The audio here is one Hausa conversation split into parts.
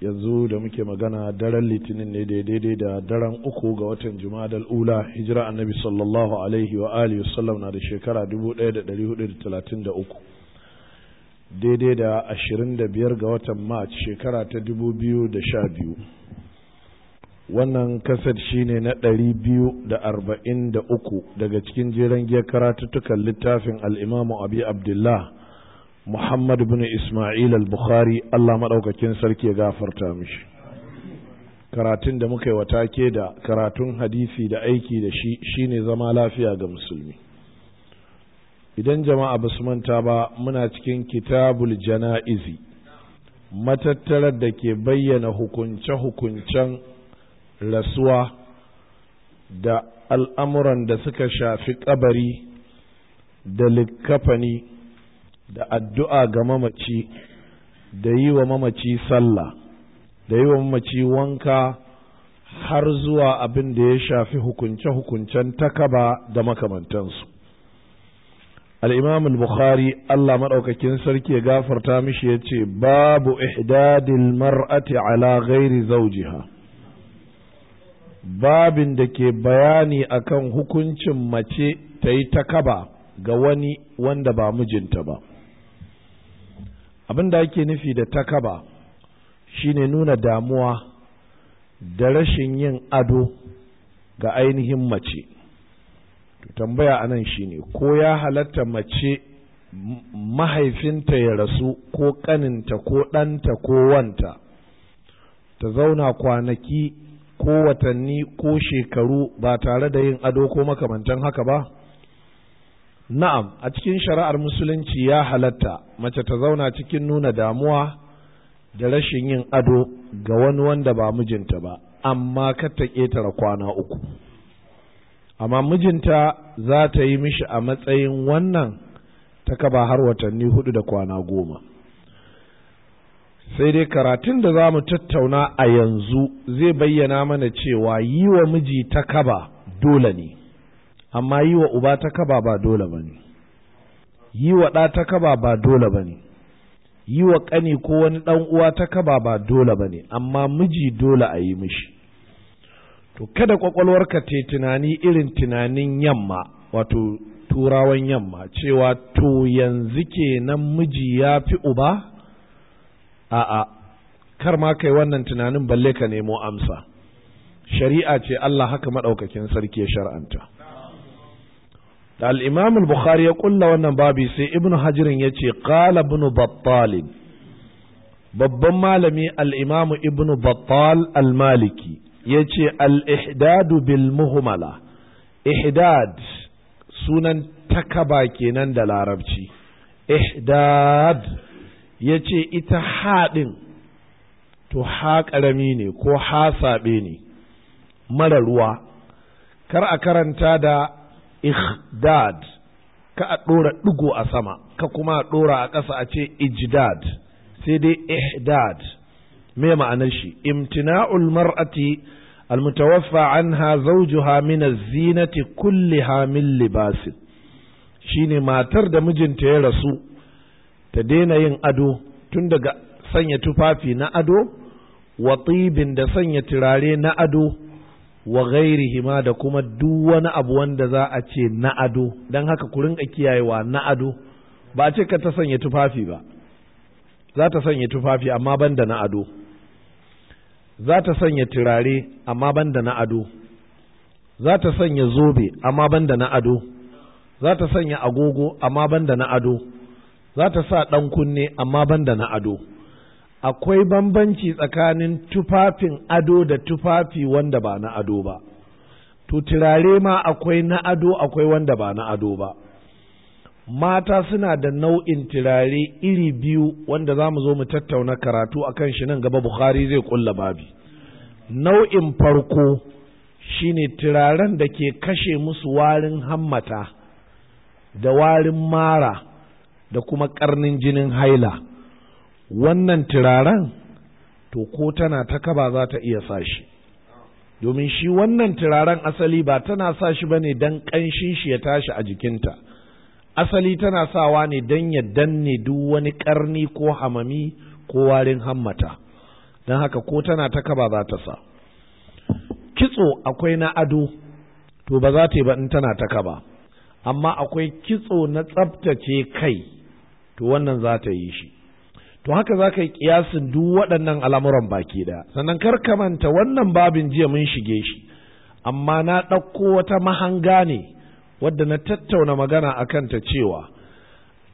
yanzu da muke magana daren litinin ne daidai da daren uku ga watan jumadal ula hijira annabi sallallahu alaihi wa alihi wasallam na da shekara 1433 daidai da 25 ga watan march shekara ta biyu. wannan kasar shine na 243 daga cikin jeren giyar karatuttukan littafin al'imamu abi abdullah Muhammad bin Ismail al-Bukhari Allah maɗaukakin sarki ya gafarta mishi. Karatun da muka yi wa take da karatun hadisi da aiki da shi shine zama lafiya ga musulmi. Idan jama'a ba su manta ba muna cikin kitabul jana'izi, matattarar da ke bayyana hukunce-hukuncen rasuwa da al'amuran da suka shafi ƙabari da likkafani. da addu'a ga mamaci da yi wa mamaci sallah da yi wa mamaci wanka har zuwa abin da ya shafi hukunce-hukuncen takaba da makamantansu al’imamul bukhari Allah maɗaukakin sarki ya gafarta mishi ya ce babu ihdadil mar'ati ala ghairi zawjiha babin da ke bayani akan hukuncin mace ta yi takaba ga wani wanda ba mijinta ba abin da ake nufi da takaba shine nuna damuwa da rashin yin ado ga ainihin mace tambaya anan ne, ko ya halatta mace mahaifinta ya rasu ko kaninta ko ɗanta ko wanta ta zauna kwanaki ko watanni ko shekaru ba tare da yin ado ko makamantan haka ba na'am a cikin shari'ar musulunci ya halatta mace ta zauna cikin nuna damuwa da rashin yin ado ga wani wanda ba mijinta ba amma kar ta ƙetare kwana uku amma mijinta za ta yi mishi a matsayin wannan ta kaba har watanni hudu da kwana goma sai dai karatun da za mu tattauna a yanzu zai bayyana mana cewa yi wa miji ta kaba dole ne amma yi wa uba ta kaba ba dole ba ne yi wa ɗa ta kaba ba dole ba ne yi wa ƙani ko wani ɗan uwa ta kaba ba dole ba ne amma miji dole a yi mishi to kada ƙwaƙwalwarka te tunani irin tunanin yamma wato turawan yamma cewa to yanzu ke nan miji ya fi uba a'a kar ma kai wannan tunanin balle ka nemo amsa shari'a ce Allah haka maɗaukakin sarki ya shar'anta da al-imam al-bukhari ya kulla wannan babi sai ibnu hajirin yace qala ibn battal babban malami al-imam ibnu battal al-maliki yace al-ihdad bil muhmala ihdad sunan takaba kenan da larabci ihdad yace ita haɗin to ha ƙarami ne ko ha saɓe ne mara ruwa kar a karanta da ikhdad ka a ɗora ɗigo a sama ka kuma a ɗora a ƙasa a ce ijdad sai dai ihdad me ma'anar shi imtina'ul mar'ati almutawaffa anha zawjuha min az-zinati kulliha min libasin shine matar da mijinta ya rasu ta daina yin ado tun daga sanya tufafi na ado wa tibin da sanya turare na ado wa ma da kuma duk wani abu wanda za a ce na ado don haka ku rinka kiyayewa na ado ba a ce ka ta sanya tufafi ba za ta sanya tufafi amma ban da na ado za ta sanya turare amma ban da na ado za ta sanya zobe amma ban da na ado za ta sanya agogo amma ban da na ado za ta sa ɗan kunne amma ban da na ado akwai bambanci tsakanin tufafin ado da tufafi wanda ba na ado ba to turare ma akwai na ado akwai wanda ba na ado ba mata suna da nau'in turare iri biyu wanda za mu zo mu tattauna karatu a kan shi nan gaba bukhari zai kulla babi nau'in farko shine turaren da ke kashe musu warin hammata da warin mara da kuma karnin jinin haila wannan turaren to ko tana ta kaba za ta iya sa shi domin shi wannan turaren asali ba tana sa shi ba ne don ƙanshin shi ya tashi a jikinta asali tana sawa ne don ya danne duk wani ƙarni ko hamami ko warin hammata don haka ko tana ta kaba za ta sa kitso akwai na ado to ba za ta yi ba in tana ta kaba amma akwai kitso na tsabtace kai to wannan za ta yi shi to haka za ka yi kiyasin duk waɗannan al'amuran baki ɗaya sannan kar ka manta wannan babin jiya mun shige shi amma na ɗauko wata mahanga ne wadda na tattauna magana a kanta cewa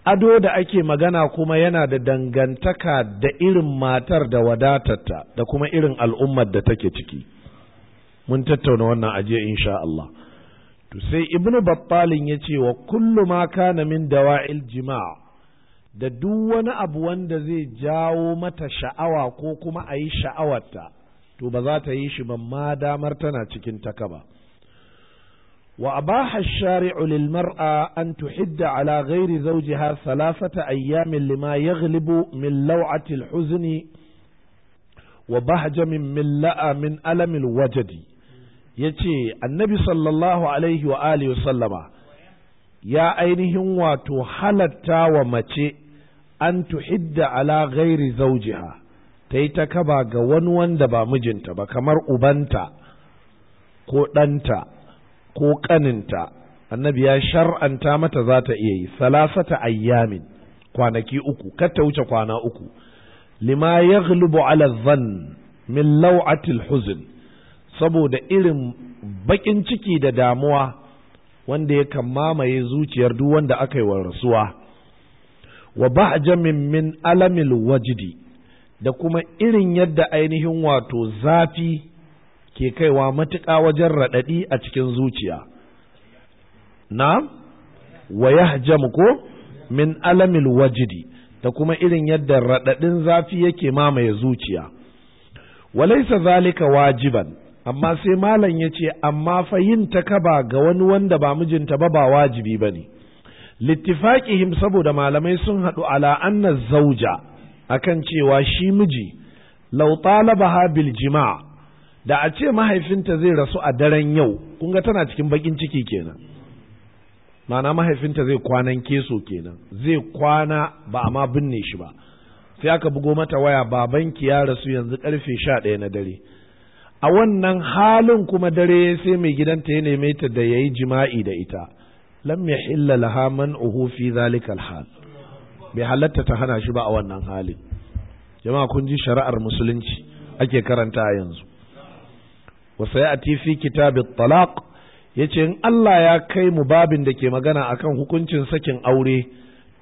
ado da ake magana kuma yana da dangantaka da irin matar da wadatarta da kuma irin al'ummar da take ciki mun tattauna wannan ajiye insha Allah to sai ibnu battalin ya ce wa kullu ma kana min dawa'il jimaa da duk wani abu wanda zai jawo mata sha'awa ko kuma a yi sha'awarta to ba za ta yi shi ba ma damar tana cikin taka ba wa abaha shari'u lil mar'a an tuhidda ala ghairi zawjiha thalathata ayyamin lima yaghlibu min law'ati al-huzni wa bahjamin min la'a min alam al-wajdi yace annabi sallallahu alaihi wa alihi wa sallama ya ainihin wato halatta wa mace an tuhidda ala ghairi zawjiha ta yi ta kaba ga wani wanda ba mijinta ba kamar ubanta ko ɗanta ko ƙaninta annabi ya shar'anta mata za ta iya yi salasata ayyamin kwanaki uku kar ta wuce kwana uku lima ya ala zan min lau'atil huzn saboda irin baƙin ciki da damuwa wanda ya yakan mamaye zuciyar duk wanda aka yi wa rasuwa wa bahjamin min alamil wajidi da kuma irin yadda ainihin wato zafi ke kaiwa matuƙa wajen raɗaɗi a cikin zuciya na wa yahjam ko min alamil wajidi da kuma irin yadda raɗaɗin zafi yake mamaye zuciya walaisa zalika wajiban amma sai malam ya ce amma fa yin ga wani wanda ba mijinta ba ba wajibi ba ne littifaƙihim saboda malamai sun haɗu ala anna zauja akan cewa shi miji law talabaha bil jima'a da a ce mahaifinta zai rasu a daren yau kun tana cikin bakin ciki kenan mana mahaifinta zai kwanan keso kenan zai kwana ba a ma binne shi ba sai aka bugo mata waya babanki ya rasu yanzu karfe sha ɗaya na dare a wannan halin kuma dare sai mai gidanta ya neme ta da ya yi jima'i da ita lam yahilla laha man'uhu fi zalikal hal bai halatta ta hana shi ba a wannan halin jama'a kun ji shari'ar musulunci ake karanta yanzu wa sayati fi kitab at-talaq yace in Allah ya kai mu babin da ke magana akan hukuncin sakin aure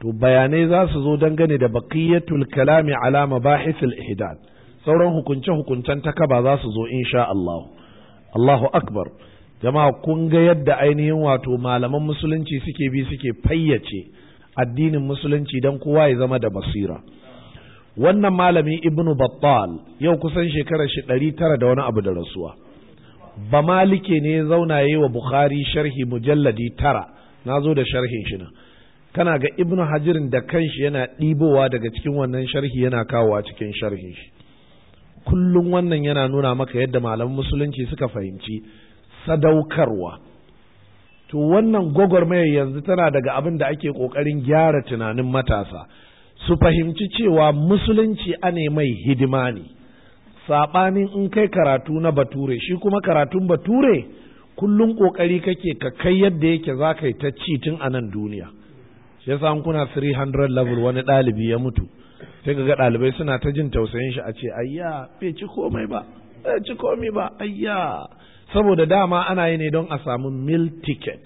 to bayanai za su zo dangane da baqiyatul kalami ala mabahith al-ihdan sauran hukunce hukuncen takaba za su zo insha Allah Allahu akbar jama'a kun ga yadda ainihin wato malaman musulunci suke bi suke fayyace addinin musulunci don kowa ya zama da basira wannan malami ibnu battal yau kusan shekarar shi ɗari tara da wani abu da rasuwa ba malike ne zauna yi wa bukhari sharhi mujalladi tara na zo da sharhin shi na kana ga ibnu hajirin da kanshi yana ɗibowa daga cikin wannan sharhi yana kawowa cikin sharhin shi kullum wannan yana nuna maka yadda malaman musulunci suka fahimci sadaukarwa to wannan gwagwarmayar yanzu tana daga abin da ake ƙoƙarin gyara tunanin matasa su fahimci cewa musulunci ane mai hidima ne saɓanin in kai karatu na bature shi kuma karatun bature kullum ƙoƙari kake ka kai yadda yake za ka yi ta ci tun a nan duniya shi yasa an kuna 300 level wani ɗalibi ya mutu sai ga ɗalibai suna ta jin tausayin shi a ce ayya bai ci komai ba bai ci komai ba ayya saboda dama ana yi ne don a samu mil ticket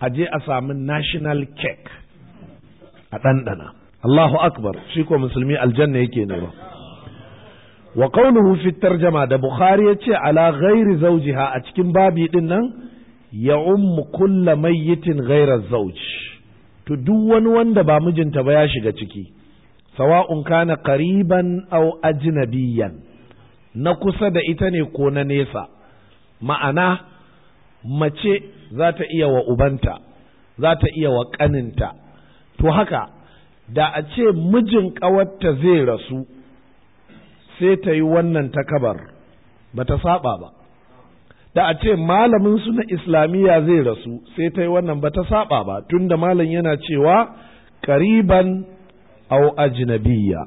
a je a samu national cake a ɗanɗana Allahu akbar shi ko musulmi aljanna yake ne ba wa qawluhu fi tarjama da bukhari yace ala ghairi zawjiha a cikin babi din nan ya ummu kulla mayyitin ghaira zawj to duk wani wanda ba mijinta ba ya shiga ciki sawa'un kana qariban aw ajnabiyan na kusa da ita ne ko na nesa ma'ana mace za ta iya wa ubanta za ta iya wa ƙaninta to haka da a ce mijin ƙawarta zai rasu sai ta yi wannan takabar ba ta saba ba da a ce malamin suna islamiyya zai rasu sai ta yi wannan ba ta saba ba tunda malam yana cewa kariban au ajnabiyya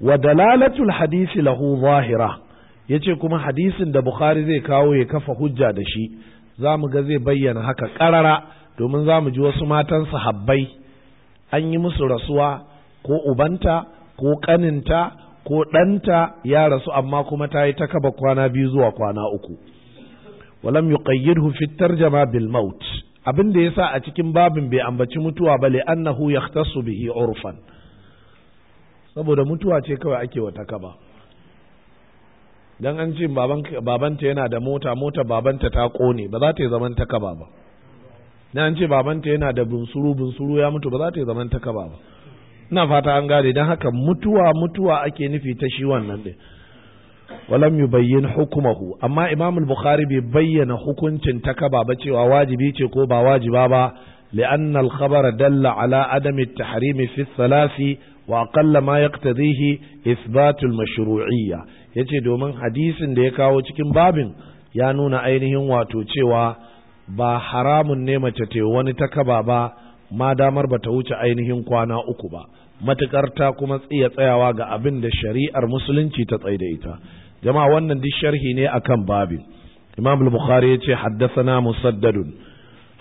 wa dalalatul hadisi lahu zahira ya ce kuma hadisin da bukhari zai kawo ya kafa hujja da shi za mu ga zai bayyana haka ƙarara domin za mu ji wasu matan sahabbai an yi musu rasuwa ko ubanta ko ƙaninta ko ɗanta ya rasu amma kuma ta yi ta kaba kwana biyu zuwa kwana uku walam yuqayyidhu fi tarjama bil maut abin da yasa a cikin babin bai ambaci mutuwa ba li annahu yahtassu bihi urfan saboda mutuwa ce kawai ake wata kaba dan an ce babanta yana da mota mota babanta ta kone ba za ta yi zaman ta kaba ba dan an ce babanta yana da bunsuru bunsuru ya mutu ba za ta yi zaman ta kaba ina fata an gane dan haka mutuwa mutuwa ake nufi ta shi wannan din walam yubayyin hukumahu amma imam al-bukhari bai bayyana hukuncin ta kaba ba cewa wajibi ce ko ba wajiba ba لأن الخبر دل على عدم التحريم في الثلاث وأقل ما يقتضيه إثبات المشروعية ya ce domin hadisin da ya kawo cikin babin ya nuna ainihin wato cewa ba haramun ne mace te wani ta kaba ba ma damar ba ta wuce ainihin kwana uku ba matukar ta kuma iya tsayawa ga abin da shari'ar musulunci ta da ita jama'a wannan duk sharhi ne akan babin imam al-bukhari ya ce haddasana musaddadun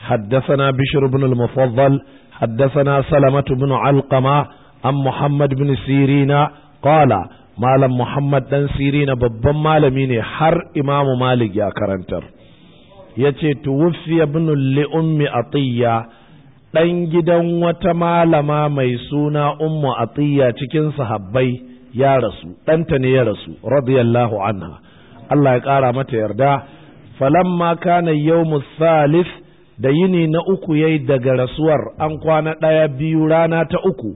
haddasana bishr ibn al-mufaddal haddasana salamatu ibn alqama an muhammad bin sirina kala malam muhammad ɗan sirina babban malami ne har imamu malik ya karantar ya ce tuwufiya binul li'ummi atiyya ɗan gidan wata malama mai suna ummu atiyya cikin sahabbai ya rasu ɗanta ne ya rasu radiyallahu anha Allah ya ƙara mata yarda falamma kana yau thalith da yini na uku yayi daga rasuwar an kwana ɗaya biyu rana ta uku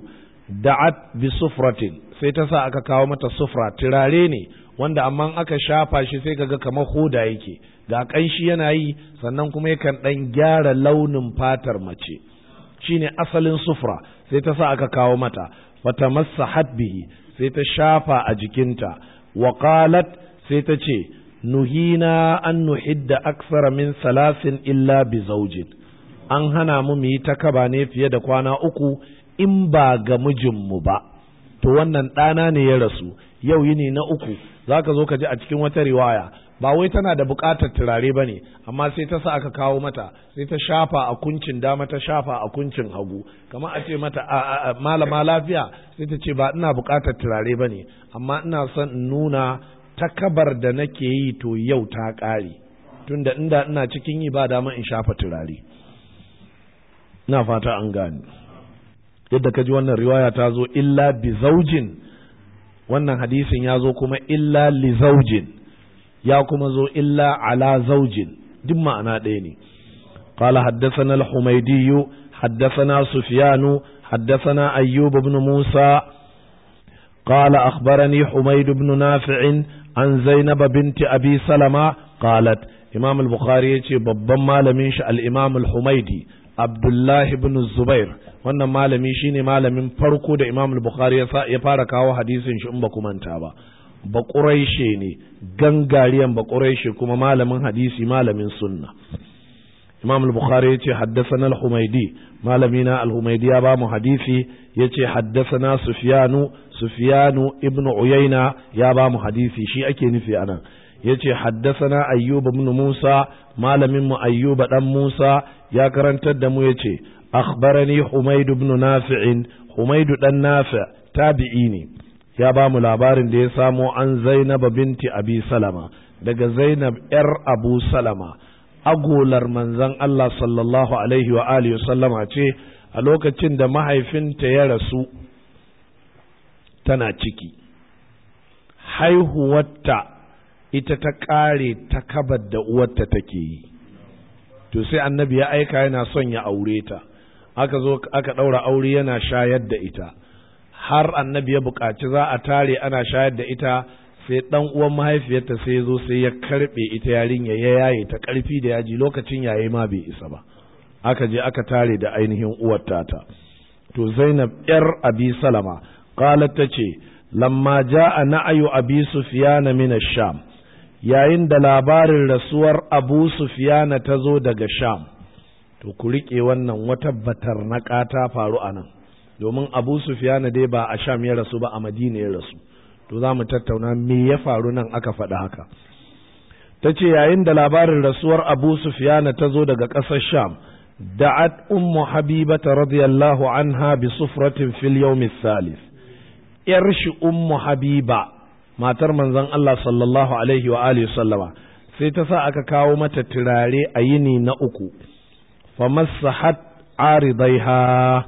da'at bi sufratin sai ta sa aka kawo mata sufra turare ne wanda amma aka shafa shi sai kaga kamar hoda yake ga kanshi yana yi sannan kuma yakan dan gyara launin fatar mace shine asalin sufra sai ta sa aka kawo mata fatamassahat bihi sai ta shafa a jikinta wa qalat sai ta ce nuhina an nuhidda aksara min salasin illa bi zaujin an hana mu mu yi takaba ne fiye da kwana uku in ba ga mijinmu ba to wannan ɗana ne ya rasu yau yi ne na uku za ka zo ka ji a cikin wata riwaya ba wai tana da buƙatar turare ba ne amma sai ta sa aka kawo mata sai ta shafa a kuncin dama ta shafa a kuncin hagu kamar a ce mata a malama lafiya sai ta ce ba ina buƙatar turare ba ne amma ina son in nuna takabar da nake yi to yau ta ƙare tunda inda ina cikin yi ba dama in shafa turare ina fata an gani yadda ka ji wannan riwaya ta zo illa bi zaujin wannan hadisin ya zo kuma illa li zaujin ya kuma zo illa ala zaujin duk ma'ana ɗaya ne قال حدثنا الحميدي حدثنا سفيان حدثنا أيوب بن موسى قال أخبرني حميد بن نافع عن زينب بنت أبي سلمة قالت إمام البخاري babban malamin shi al-Imam al-Humaidi Abdullahi ibn Zubair wannan malami shine malamin farko da Imam Bukhari ya fara kawo hadisin shi in ba manta ba Baƙuraishe ne gangariyan Baƙuraishe kuma malamin hadisi malamin sunna Imam Bukhari ya ce haddathana al-Humaydi malamina al-Humaydi ya ba mu hadisi ya ce haddathana Sufiyanu, Sufiyanu ibn Uyaina ya ba mu hadisi shi ake nufi anan yace haddasana ayyuba ibn musa malamin mu ayyuba dan musa ya karantar da mu yace akhbarani humaid ibn nafi'in humaid dan nafi' tabi'i ne ya ba mu labarin da ya samo an zainab binti abi daga zainab yar Abusalama, agolar manzon Allah sallallahu alaihi wa sallama ce a lokacin da mahaifinta ya rasu tana ciki haihuwarta ita ta ƙare ta kabar da uwarta take yi to sai annabi ya aika yana son ya aure ta aka zo aka ɗaura aure yana shayar da ita har annabi ya buƙaci za a tare ana shayar da ita sai ɗan uwan mahaifiyarta sai zo sai ya karɓe ita yarinya ya yaye ta ƙarfi da yaji lokacin yaye ma bai isa ba aka je aka tare da ainihin uwar tata to Zainab ‘yar Abi Salama, ƙalar tace Lamma ja a na'ayu Abi Sufiyana mina Sham, yayin da labarin rasuwar Abu Sufiyana ta zo daga Sham, to ku riƙe wannan wata batar na ta faru a nan domin abu sufiyana dai ba a sham ya rasu ba a madina ya rasu to za mu tattauna me ya faru nan aka faɗi haka ta ce yayin da labarin rasuwar abu sufiyana ta zo daga ƙasar sham da'at ummu habibata radiyallahu anha bi sufratin fil yawmi salis yar shi ummu habiba matar manzon Allah sallallahu alaihi wa alihi sallama sai ta sa aka kawo mata turare a yini na uku famasahat aridaiha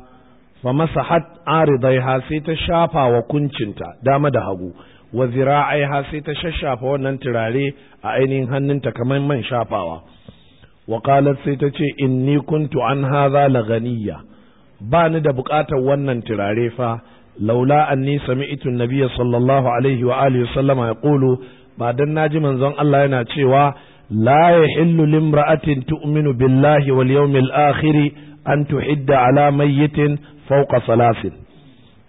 famasahat aridaiha sai ta shafa wa kuncinta dama da hagu wa zira'aiha sai ta shashafa wannan turare a ainihin hannunta kamar man shafawa wa qalat sai ta ce inni kuntu an hadha laganiya ba ni da bukatar wannan turare fa laula anni sami'tu an-nabiy sallallahu alaihi wa alihi wasallama yaqulu ba dan naji manzon Allah yana cewa لا يحل لامرأة تؤمن بالله واليوم الآخر أن تحد على ميت فوق ثلاث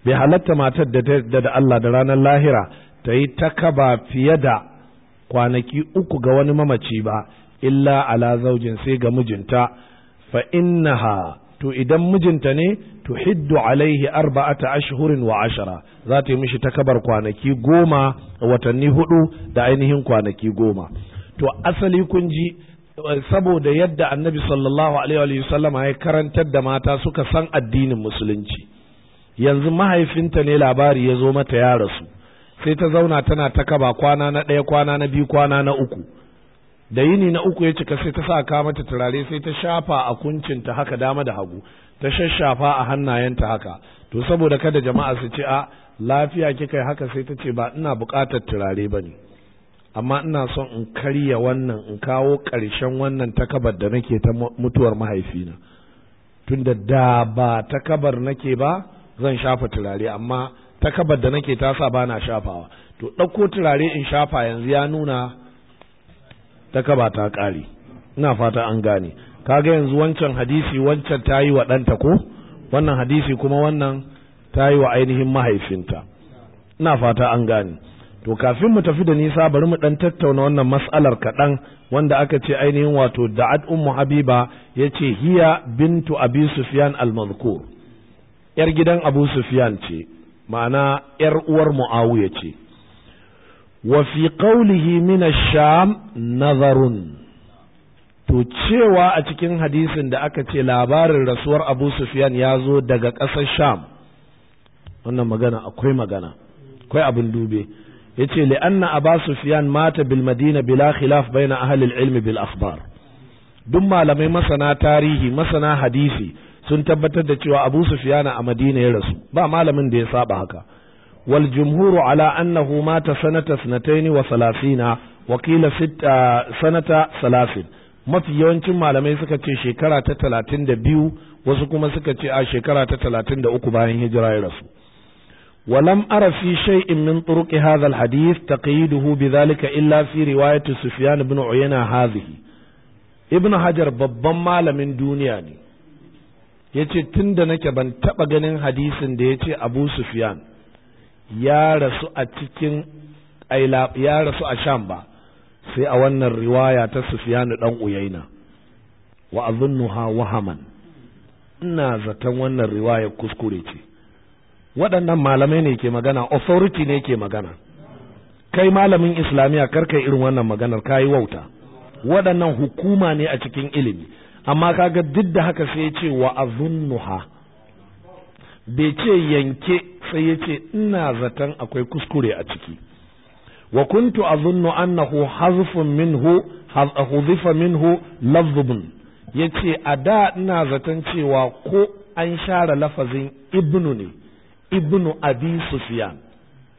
بحالة ما تدد الله دران اللاهرة takaba في يد kwanaki uku ga wani mamaci ba illa ala zaujin sai ga mijinta fa innaha to idan mijinta ne to hiddu alaihi arba'ata ashhurin wa ashara za ta yi mishi takabar kwanaki goma watanni hudu da ainihin kwanaki goma to asali kun ji saboda yadda annabi sallallahu alaihi wa sallama ya karantar da mata suka san addinin musulunci yanzu mahaifinta ne labari ya zo mata ya rasu sai ta zauna tana ta kaba kwana na ɗaya kwana na biyu kwana na uku da yini na uku ya cika sai ta sa mata turare sai ta shafa a kuncinta haka dama da hagu ta shashafa a hannayenta haka to saboda kada jama'a su ce a lafiya kika yi haka sai ta ce ba ina buƙatar turare ba ne amma ina son in karya wannan in kawo ƙarshen wannan takabar da nake ta mutuwar mahaifina tunda da ba takabar nake ba zan shafa turare amma takabar da nake ta sa ba na shafawa to ɗauko turare in shafa yanzu ya nuna takaba ta ƙare ina fata an gane kaga yanzu wancan hadisi wancan ta yi wa ɗanta ko wannan hadisi kuma wannan ta yi wa ainihin mahaifinta ina fata an gane to kafin mu tafi da nisa bari mu ɗan tattauna wannan mas'alar kaɗan wanda aka ce ainihin wato da'at ummu habiba ya ce hiya bintu abi sufiyan almazkur yar gidan abu sufiyan ce ma'ana yar uwar muawiya ce wa fi qawlihi min ash-sham nazarun to cewa a cikin hadisin da aka ce labarin rasuwar abu sufiyan ya zo daga ƙasar sham wannan magana akwai magana akwai abin dube yace li anna aba sufyan mata bil madina bila khilaf baina ahli al ilm bil akhbar duk malamai masana tarihi masana hadisi sun tabbatar da cewa abu sufyan a madina ya rasu ba malamin da ya saba haka wal jumhuru ala annahu mata sanata 32 wa 30 wa qila sanata 30 mafi yawancin malamai suka ce shekara ta 32 wasu kuma suka ce a shekara ta 33 bayan hijira ya rasu ولم أر في شيء من طرق هذا الحديث تقييده بذلك إلا في رواية سفيان بن عيينة هذه ابن حجر babban malamin duniya ne ya ce tun da nake ban taɓa ganin hadisin da ya ce abu sufyan ya rasu a cikin ya rasu a sham ba sai a wannan riwaya ta sufyan ɗan uyaina wa azunnuha wahaman ina zaton wannan riwaya kuskure ce waɗannan malamai ne ke magana authority ne ke magana kai malamin islamiyya karka irin wannan maganar kayi wauta waɗannan hukuma ne a cikin ilimi amma kaga duk da haka sai ya ce wa azunnuha bai ce yanke sai ya ce ina zaton akwai kuskure a ciki wa kuntu azunnu annahu hazfun minhu huzifa minhu lafzubun yace a da ina zaton cewa ko an share lafazin ibnu ne ibnu abi sufyan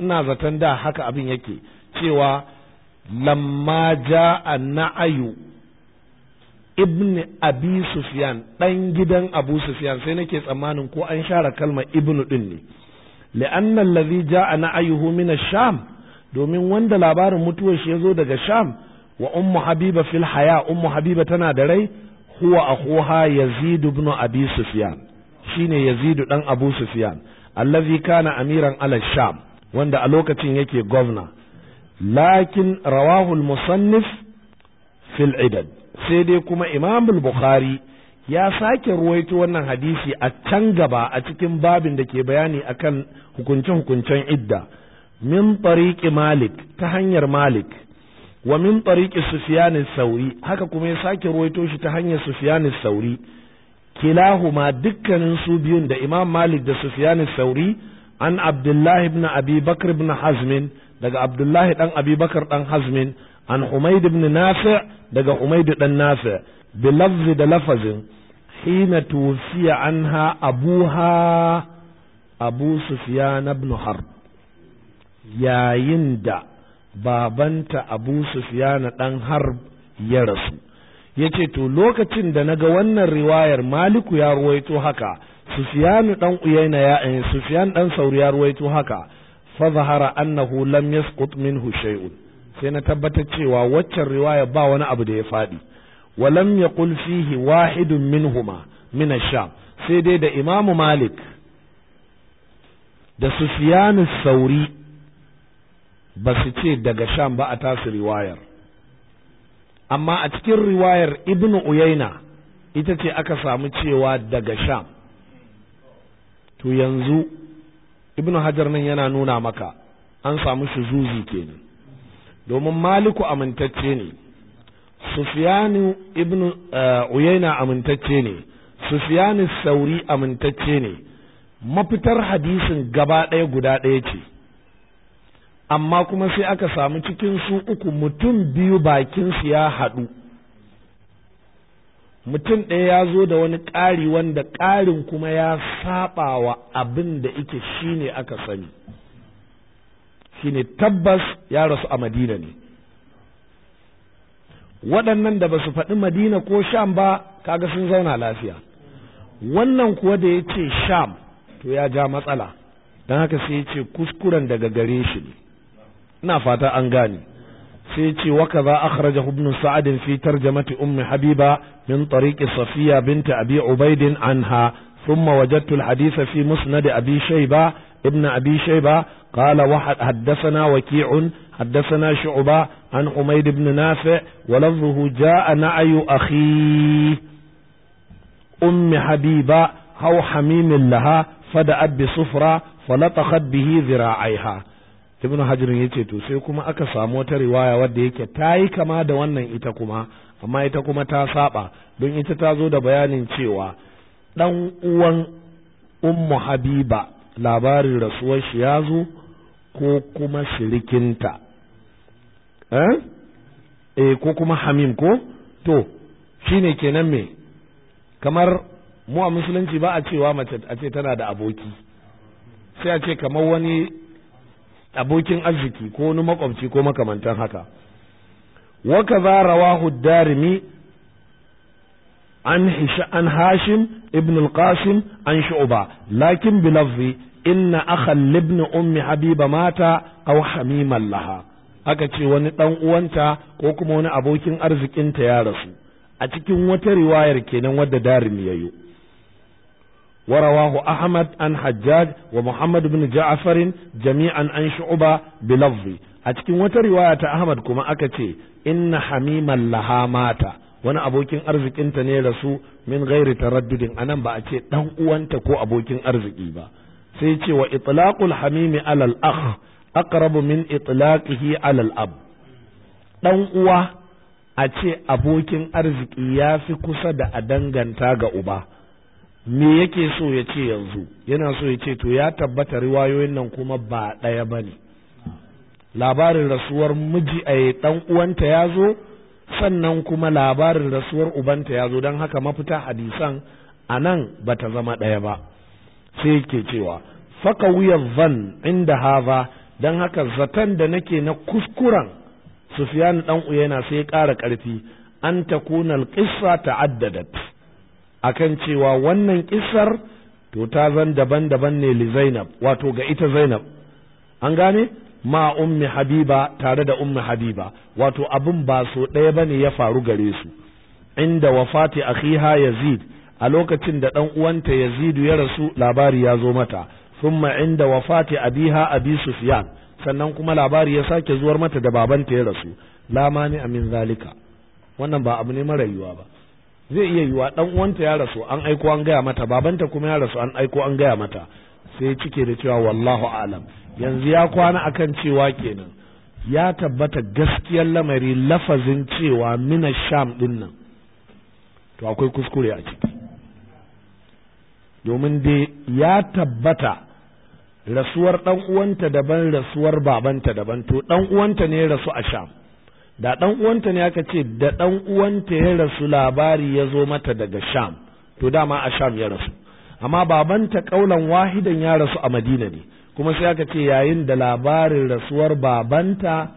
ina zaton da haka abin yake cewa lamma ja'a na'ayu Ibnu abi sufyan dan gidan abu sufyan sai nake tsammanin ko an share kalmar ibnu din ne li'anna allazi a na'ayuhu min ash-sham domin wanda labarin mutuwar shi yazo daga sham wa ummu habiba fil haya ummu habiba tana da rai huwa akhuha yazid ibn abi sufyan shine yazid dan abu sufyan allazi kana amiran ala sham wanda a lokacin yake gwamna lakin rawahul musannif fil idad sai dai kuma imamul bukhari ya sake ruwaito wannan hadisi a can gaba a cikin babin da ke bayani akan hukunce-hukuncen idda min tariqi malik ta hanyar malik wa min tariqi sufyan sauri haka kuma ya sake ruwaito shi ta hanyar sufyan sauri kilahuma dukkanin su biyun da imam malik da sufyan sauri an abdullahi ibn abi bakr hazmin daga abdullahi dan abi bakr dan hazmin an humaid ibn nafi daga humaid dan nafi bi lafzi da lafazin hina tuwfiya anha abuha abu sufyan ibn harb yayin da babanta abu sufyan dan harb ya rasu ya ce to lokacin da na ga wannan riwayar maliku ya ruwaito haka sufiyanu dan uyaina ya eh, sufiyan dan sauri ya ruwaito haka fa zahara annahu lam yasqut minhu shay'un sai na tabbatar cewa waccan riwaya ba wani abu da ya fadi wa lam yaqul fihi wahidun minhuma min ash-sham sai dai da imamu malik da sufiyanu sauri ba su ce daga sham ba a tasu riwayar amma a cikin riwayar ibn uyaina ita ce aka samu cewa daga sham to yanzu ibn hajar nan yana nuna maka an samu Zuzu kenan domin maliku amintacce ne Sufiyanu ibn eh, uyaina amintacce ne Sufiyanu sauri amintacce ne mafitar hadisin gaba ɗaya guda ɗaya ce amma kuma sai aka samu cikin su uku mutum biyu bakinsu ya haɗu mutum ɗaya ya zo da wani ƙari wanda ƙarin kuma ya saɓa wa abin da ike shine aka sani shine tabbas ya rasu a madina ne waɗannan da ba su faɗi madina ko sham ba kaga sun zauna lafiya wannan kuwa da ya ce sham to ya ja matsala don haka sai ya ce kuskuren daga gare shi ne ina fata an gani sai ya ce wa kaza akhrajahu ibn sa'd fi tarjamati ummi habiba min tariqi safiya bint abi ubaid anha thumma wajadtu alhadith fi musnad abi shayba ibn abi shayba qala wa haddathana waki'un haddathana shu'ba an umayd ibn nafi' wa lafzuhu ja'a na'yu akhi ummi habiba aw hamimin laha fada'at bi sufra فلطخت به ذراعيها ibnu hajar ya ce to sai kuma aka samu wata riwaya wadda yake ta yi kama da wannan ita kuma amma ita kuma ta saba don ita ta zo da bayanin cewa dan uwan ummu habiba labarin rasuwar shi ya zo ko kuma shirikinta eh e, ko kuma hamim ko to shine kenan me kamar mu a musulunci ba a cewa mace a ce tana da aboki sai a ce kamar wani abokin arziki ko wani makwabci ko makamantan haka wa kaza rawahu darimi an an hashim ibn al-qasim an shu'ba lakin bi lafzi inna akhan ibn ummi habiba mata aw hamiman laha aka ce wani dan uwanta ko kuma wani abokin arzikinta ya rasu a cikin wata riwayar kenan wadda darimi yayi ورواه أحمد عن حجاج ومحمد بن جعفر جميعا عن شعبة riwaya ta وترواية أحمد كما أكتي إن حميما لها مات wani abokin arzikinta ne rasu min gairi taraddudin anan ba a ce dan uwanta ko abokin arziki ba sai cewa wa itlaqul hamimi alal akh aqrabu min itlaqihi alal ab dan uwa a ce abokin arziki ya fi kusa da a danganta ga uba me yake so ya ce yanzu yana so ya ce to ya tabbata riwayoyin nan kuma ba ɗaya ba ne labarin rasuwar miji a ɗan uwanta ya zo sannan kuma labarin rasuwar ubanta ya zo don haka mafita hadisan a nan ba ta zama ɗaya ba sai ke cewa faka wuyan van inda hava don haka zaton da nake na kuskuren sufiyan ɗan yana sai ƙara ƙarfi an ta kunal ƙisa ta'addadat akan cewa wannan kissar to ta zan daban-daban ne li Zainab wato ga ita Zainab an gane ma ummi habiba tare da ummi habiba wato abin ba so ɗaya bane ya faru gare su inda wafati akhiha yazid a lokacin da ɗan uwanta yazidu ya rasu labari ya zo mata thumma inda wafati abiha abi sufyan sannan kuma labari ya sake zuwar mata da babanta ya rasu la mani amin zalika wannan ba abu ne marayuwa ba zai iya yiwa ɗan uwanta ya rasu an aiko an gaya mata babanta kuma ya rasu an aiko an gaya mata sai cike da cewa wallahu alam yanzu ya kwana akan cewa kenan ya tabbata gaskiyar lamari lafazin cewa mina sham din nan to akwai kuskure a ciki domin dai ya tabbata rasuwar ɗan uwanta daban rasuwar babanta daban to dan uwanta ne rasu a sham da ɗan uwanta ne aka ce da ɗan uwanta ya rasu labari ya zo mata daga sham to dama a sham ya rasu amma babanta ƙaulan wahidan ya rasu a madina ne kuma sai aka ce yayin da labarin rasuwar babanta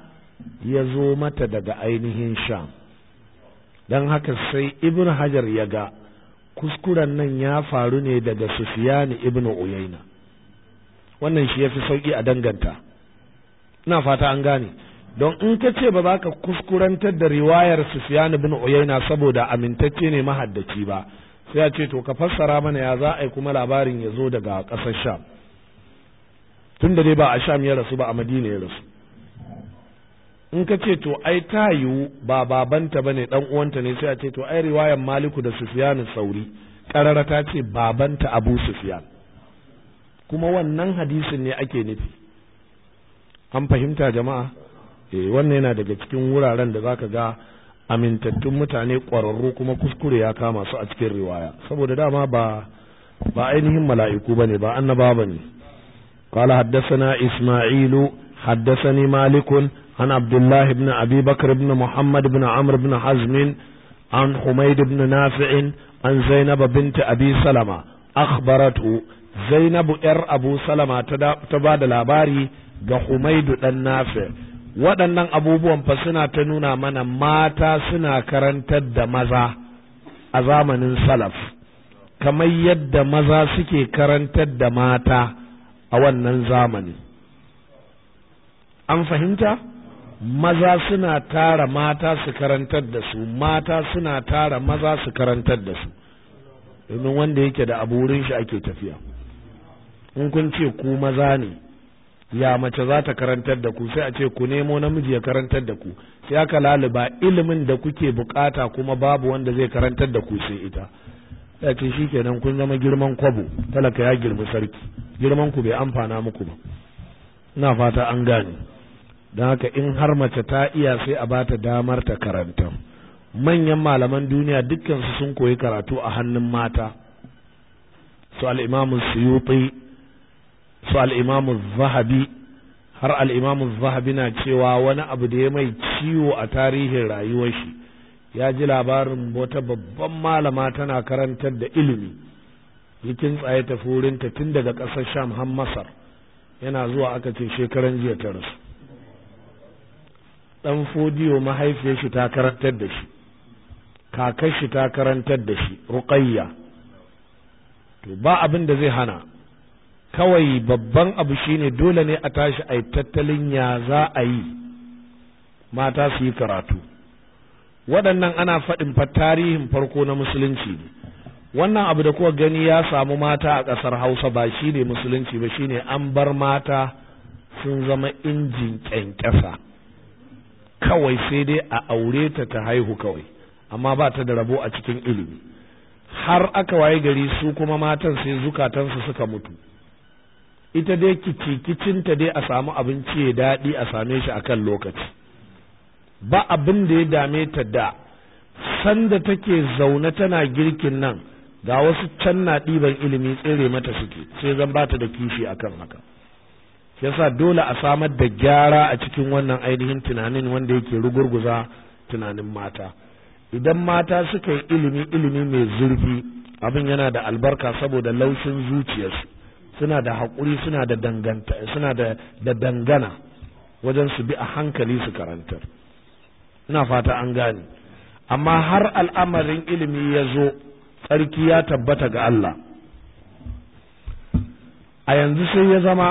ya zo mata daga ainihin sham don haka sai ibn hajar ya ga kuskuren nan ya faru ne daga sufiyani ibn uyaina wannan shi ya fi sauƙi a danganta ina fata an gane don in ka ce ba za ka kuskurantar da riwayar Sufyan bin uyaina saboda amintacce ne mahaddaci ba sai ya ce to ka fassara mana ya za a yi kuma labarin ya zo daga ƙasar Sham tun da dai ba a Sham ya rasu ba a Madina ya rasu in ka ce to ai ta yiwu ba babanta ba ne dan uwanta ne sai a ce to ai riwayar Maliku da Sufyan Sauri karara ta ce babanta Abu Sufyan kuma wannan hadisin ne ake nufi an fahimta jama'a Eh, wannan yana daga cikin wuraren da zaka ga amintattun mutane ƙwararru kuma kuskure ya kama su a cikin riwaya saboda dama ba ba ainihin mala'iku bane ba annaba bane qala haddathana isma'ilu haddathani malikun an abdullah ibn abi bakr ibn muhammad ibn amr ibn hazm an humayd ibn nafi' an zainab bint abi salama akhbaratu zainab yar abu salama ta ba da labari ga humayd dan nafi' waɗannan abubuwan fa suna ta nuna mana mata suna karantar da maza a zamanin salaf kamar yadda maza suke karantar da mata a wannan zamani an fahimta maza suna tara mata su karantar da su mata suna tara maza su karantar da su domin wanda yake da abu wurin shi ake tafiya in kun ce ku maza ne ya mace za ta karantar da ku sai a ce ku nemo namiji ya karantar da ku sai aka laluba ilimin da kuke bukata kuma babu wanda zai karantar da ku sai ita ya ce shi kenan kun zama girman kwabo talaka ya girma sarki girman ku bai amfana muku ba ina fata an gane don haka in har mace ta iya sai a bata damar ta karanta manyan malaman duniya dukkansu sun koyi karatu a hannun mata su al'imamu suyuti su al'imamu zahabi har al'imamu zahabi na cewa wani abu da ya mai ciwo a tarihin rayuwar shi ya ji labarin wata babban malama tana karantar da ilimi yakin tsaye tafi wurinta tun daga ƙasar sham har masar yana zuwa aka ce shekaran jiya ta rasu ɗan fodiyo mahaifiyar shi ta karantar da shi kakar shi ta karantar da shi ruƙayya to ba abin da zai hana kawai babban abu shine dole ne a tashi a yi tattalin ya za a yi mata su yi karatu waɗannan ana faɗin fa tarihin farko na musulunci ne. wannan abu da kuka gani ya samu mata a ƙasar hausa ba shi ne musulunci ba shine an bar mata sun zama injin ƙyanƙyasa kawai sai dai a aure ta ta haihu kawai amma ba ta da rabo a cikin ilimi har aka waye gari su kuma matan sai zukatansu suka mutu ita dai kicinta dai a samu abinci ya daɗi a same shi akan lokaci ba abin da ya dame ta da sanda take zaune tana girkin nan ga wasu can na ɗiban ilimi tsere mata suke sai zan bata da kishi akan haka yasa dole a samar da gyara a cikin wannan ainihin tunanin wanda yake rugurguza tunanin mata idan mata suka yi ilimi ilimi mai zurfi abin yana da albarka saboda laushin zuciyarsu suna da haƙuri suna da danganta suna da dangana wajen su bi a hankali su karantar ina fata an gane amma har al'amarin ilimi ya zo tsarki ya tabbata ga Allah a yanzu sai ya zama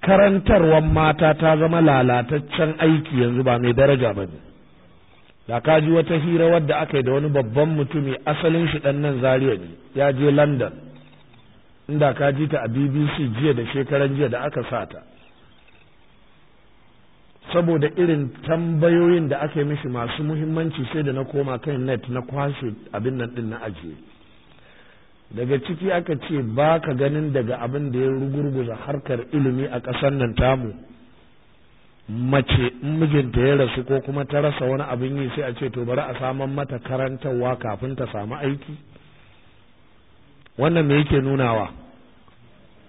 karantarwar mata ta zama lalataccen aiki yanzu ba mai daraja ba ne da ka ji wata hira wadda aka yi da wani babban mutumi asalin shi ɗan nan zariya ne ya je london inda ka ji ta a bbc jiya da shekaran jiya da aka sa ta saboda irin tambayoyin da aka yi mishi masu muhimmanci sai da na koma kan net na kwashe abin nan din na ajiye daga ciki aka ce ba ka ganin daga abin da ya rugurguza harkar ilimi a ƙasar nan tamu mace in mijinta ya rasu ko kuma ta rasa wani abin yi sai a ce to bari a saman mata karantarwa kafin ta samu aiki wannan me yake nunawa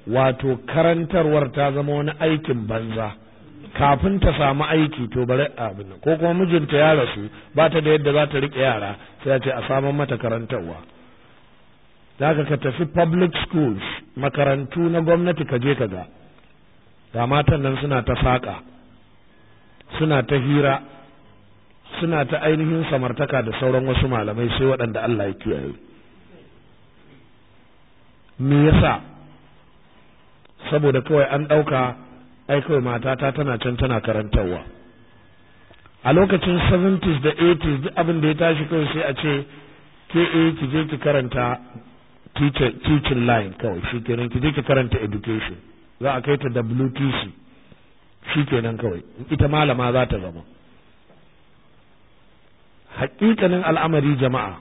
wato karantarwar ta zama wani aikin banza kafin ta samu aiki to bari abin ko kuma mijinta ya rasu ba ta da yadda za ta riƙe yara sai a ce a saman mata karantarwa za ka ka tafi public schools makarantu na gwamnati ka je ka ga ga matan nan suna ta saƙa suna ta hira suna ta ainihin samartaka da sauran wasu malamai sai waɗanda Allah ya kiyaye me yasa saboda kawai an ɗauka ai kawai matata tana can tana karantarwa a lokacin 70s da 80s duk abin da ya tashi kawai sai a ce ke A eh, ki je ki karanta teaching line kawai shi kenan ki je ki karanta education za a kai ta WTC shi kenan kawai ita malama za ta zama hakikanin al'amari jama'a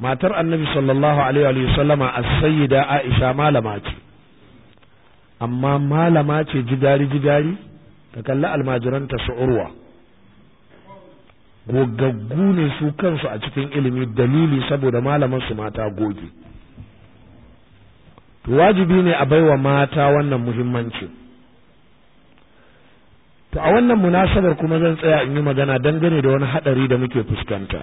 matar annabi sallallahu alaihi wa sallama as-sayyida aisha malama ce amma malama ce jidari jidari ka kalli almajiranta su urwa gogaggu ne su kansu a cikin ilimi dalili saboda malaman su mata goge wajibi ne a baiwa mata wannan muhimmanci to a wannan munasabar kuma zan tsaya in yi magana dangane da wani hadari da muke fuskanta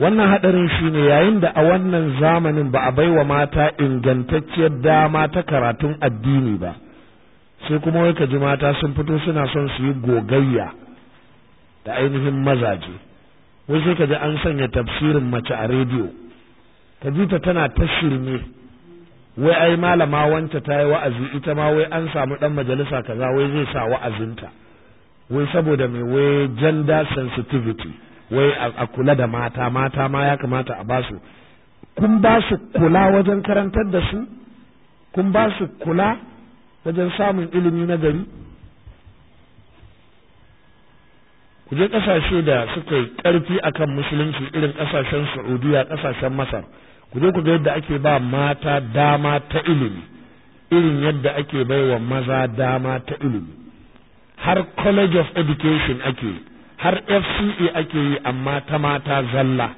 wannan hadarin ne yayin da a wannan zamanin ba a bai wa mata ingantacciyar dama ta karatun addini ba sai kuma wai ka ji mata sun fito suna son su yi gogayya da ainihin mazaje wai sai ka ji an sanya tafsirin mace a rediyo ka ji ta tana ta shirme wai ai malama wanta ta yi wa'azi ita ma wai an samu ɗan majalisa kaza wai zai sa wa'azinta wai saboda mai wai gender sensitivity wai a kula da mata mata ma ya kamata a basu kun ba su kula wajen karantar da su kun ba su kula wajen samun ilimi na gari ku je ƙasashe da suka yi ƙarfi akan musulunci irin ƙasashen saudiya kasashen masar ku je ku ga yadda ake ba mata dama ta ilimi irin yadda ake baiwa maza dama ta ilimi har college of education ake har fce ake yi amma ta mata zalla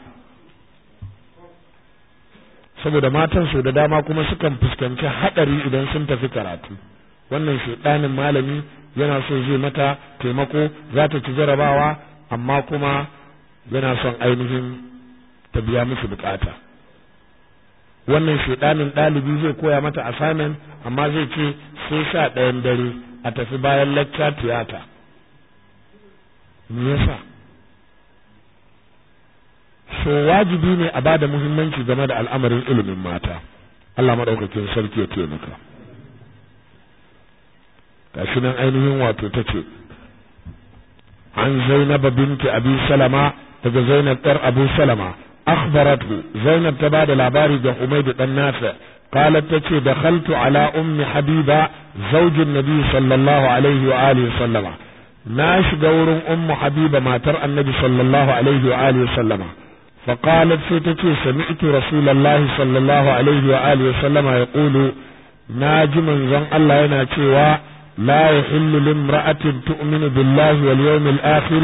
saboda matan su da dama kuma sukan fuskanci haɗari idan sun tafi karatu wannan shaɗanin malami yana so zai mata taimako za ta ci jarabawa amma kuma yana son ainihin ta biya musu bukata wannan shaɗanin ɗalibi zai koya mata assignment amma zai ce sai sha ɗayan dare a tafi bayan lecture theater me yasa so wajibi ne a bada muhimmanci game da al'amarin ilimin mata Allah madaukakin sarki ya taimaka gashi nan ainihin wato ta ce an Zainab binti abi salama daga zainab ɗar abu salama akhbaratu zainab ta bada labari ga umaydu dan nasa قالت تتي دخلت على Habiba حبيبة زوج النبي صلى الله عليه وآله وسلم na shiga wurin ummu habiba matar annabi sallallahu alaihi wa alihi sallama fa qalat sai tace sami'tu rasulullahi sallallahu alaihi wa alihi sallama yaqulu na ji manzon Allah yana cewa la yahillu limra'atin tu'minu billahi wal yawmil akhir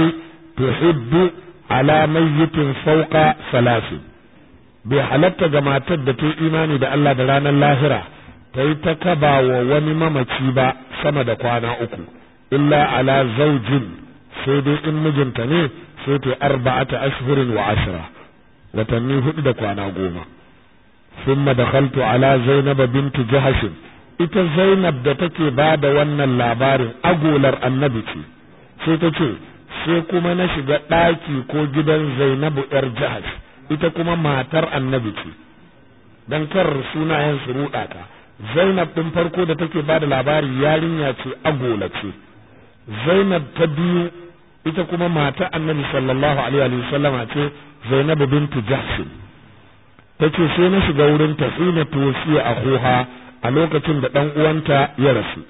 tuhibbu ala mayyitin fawqa salasin bai halatta ga matar da ta yi imani da Allah da ranar lahira ta yi ta kaba wa wani mamaci ba sama da kwana uku illa ala zaujin sai dai in mijinta ne sai ta arba'ata ashhurin wa ashra watanni hudu da kwana goma thumma dakhaltu ala zainab bint jahash ita zainab da take ba da wannan labarin agolar annabi ce sai ta ce sai kuma na shiga ɗaki ko gidan zainab yar jahash ita kuma matar annabi ce dan kar sunayen su ruɗa zainab ɗin farko da take ba da labari yarinya ce agola ce zainab ta biyu ita kuma mata annabi sallallahu alaihi wa sallam ce zainab bintu Jahsin ta ce sai na shiga wurin ta tsina tuwasiya a koha a lokacin da dan uwanta ya rasu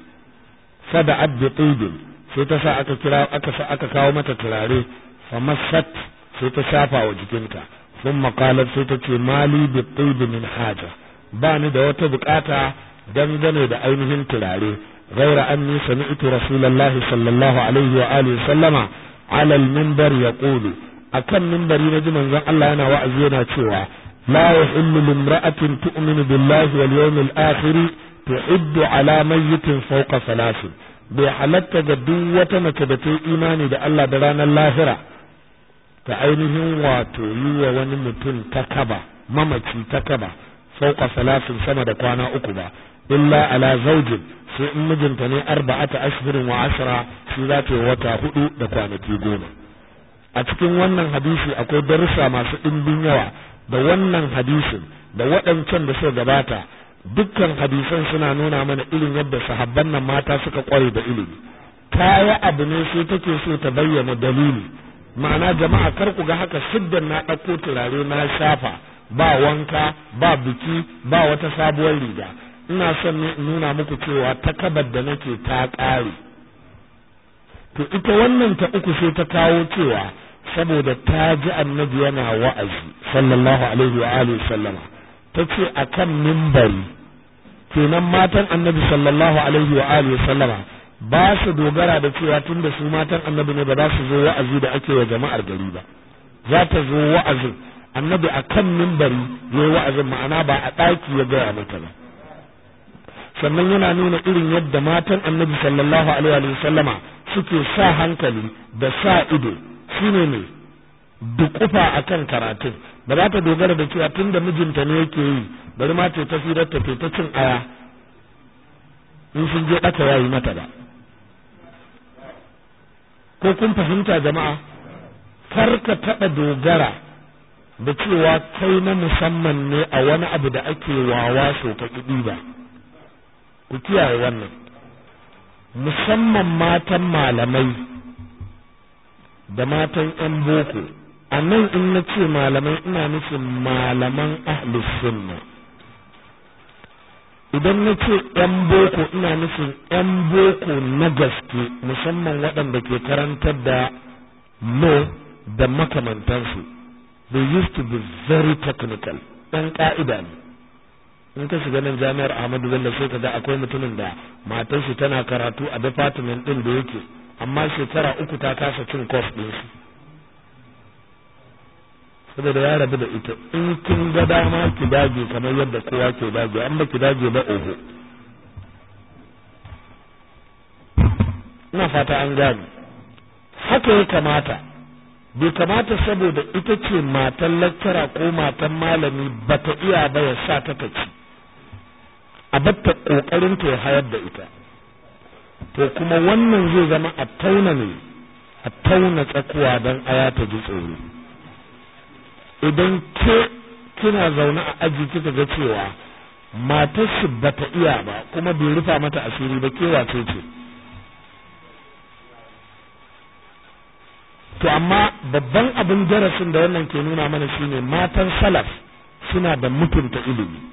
sada abdi tibin sai ta sa aka kira aka sa aka kawo mata turare fa masat sai ta shafa wa jikinta sun makalar sai ta ce mali bi tibin min haja ba ni da wata bukata dangane da ainihin turare غير أني سمعت رسول الله صلى الله عليه وآله وسلم على المنبر يقول أكم منبر ينجي من ذا الله أنا وأزينا تشوى لا يحل لامرأة تؤمن بالله واليوم الآخر تعد على ميت فوق ثلاث bai halatta ga duk wata mace da ta yi imani da Allah da ranar lahira ta ainihin wato yi wa wani mutum ta kaba mamaci ta kaba sauka salasin sama da kwana uku ba illa ala zaujin sai in mijinta ne arba'ata ashhurin wa ashra shi za ta yi wata hudu da kwanaki goma a cikin wannan hadisi akwai darussa masu ɗimbin yawa da wannan hadisin da waɗancan da suka gabata dukkan hadisan suna nuna mana irin yadda sahabban nan mata suka ƙware da ilimi ta yi abu ne sai take so ta bayyana dalili ma'ana jama'a kar ku ga haka siddan na ɗauko turare na shafa ba wanka ba biki ba wata sabuwar riga ina son nuna muku cewa ta kabar da nake ta ƙare to ita wannan ta uku sai ta kawo cewa saboda ta ji annabi yana wa'azi sallallahu alaihi wa alihi sallama ta ce a kan mimbari kenan matan annabi sallallahu alaihi wa alihi sallama ba su dogara da cewa tun da su matan annabi ne ba za su zo wa'azi da ake wa jama'ar gari ba za ta zo wa'azin annabi akan kan mimbari ne wa'azin ma'ana ba a ɗaki ya gaya mata ba sannan yana nuna irin yadda matan annabi sallallahu alaihi wa sallama suke sa hankali da sa ido shine ne dukufa akan karatun ba za ta dogara da cewa tun da mijinta ne yake yi bari ma ta tafi da ta cin aya in sun je ɗaka yayi mata ba ko kun fahimta jama'a kar ka taɓa dogara da cewa kai na musamman ne a wani abu da ake wawa so ka ƙiɗi ba ku kiyaye wannan musamman matan malamai da matan 'yan boko a nan in na ce malamai ina nufin malaman ahlus sunna idan na ce 'yan boko ina nufin 'yan boko na gaske musamman waɗanda ke karantar da no da makamantansu they used to be very technical ɗan ƙa'ida ne in ka shiga nan jami'ar Ahmadu Bello sai ka ga akwai mutumin da matar shi tana karatu a department din da yake amma shekara uku ta kasa cin course din shi saboda ya rabu da ita in kin ga dama ki dage kamar yadda kowa ke dage an ba ki dage ba oho ina fata an gane haka ya kamata bai kamata saboda ita ce matan lakcara ko matan malami bata iya ba ya sa ta tafi a batta kokarin ta hayar da ita to kuma wannan zai zama a tauna ne a tauna tsakuwa don aya ta ji tsoro idan ke kina zaune a aji kika ga cewa matar shi bata iya ba kuma bai rufa mata asiri ba kewa ce ce to amma babban abin darasin da wannan ke nuna mana shine matan salaf suna da mutunta ilimi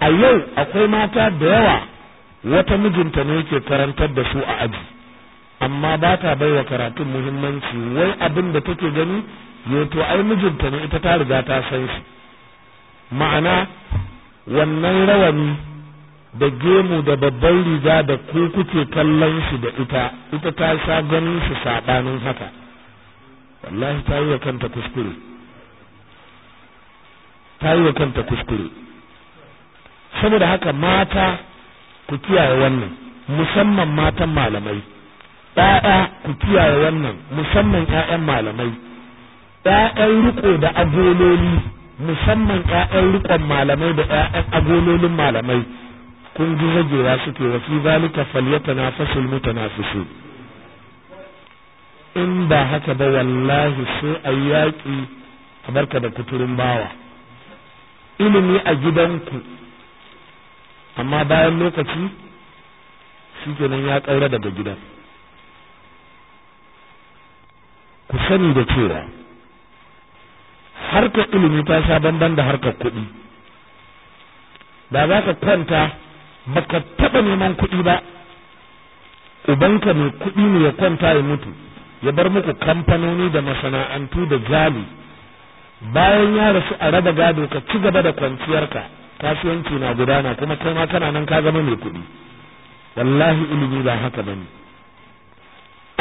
a yau akwai mata da yawa wata mijinta ne yake karantar da su a aji amma ba ta bai wa karatun muhimmanci wai abin da take gani yato ai mijinta ne ita ta riga ta san shi ma'ana wannan rawani da gemu da babban riga da ku kuke kallon shi da ita ita ta sha ganin shi saɓanin haka wallahi ta yi wa kanta kuskure ta yi wa kanta kuskure saboda haka mata ku kiyaye wannan musamman matan malamai ɗaya ku kiyaye wannan musamman 'ya'yan malamai ‘ya'yan riko da agololi musamman ‘ya'yan rikon malamai da ‘ya'yan agololin malamai kun ji zagewa suke wa fi zalika falyata na fasul muta na fusu in ba haka ba wallahi sai a yaƙi a barka da kuturin bawa ilimi a gidanku amma bayan lokaci shi kenan ya ƙaura daga gidan ku sani da cewa harkar ilimi ta sha bamban da harkar kuɗi ba za ka kwanta ba ka taɓa neman kuɗi ba ubanka mai kuɗi ne ya kwanta ya mutu ya bar muku kamfanoni da masana'antu da jali bayan ya rasu a raba gado ka ci gaba da kwanciyarka kasuwanci na gudana kuma kai ma kana nan ka zama mai kuɗi wallahi ilimi ba haka bane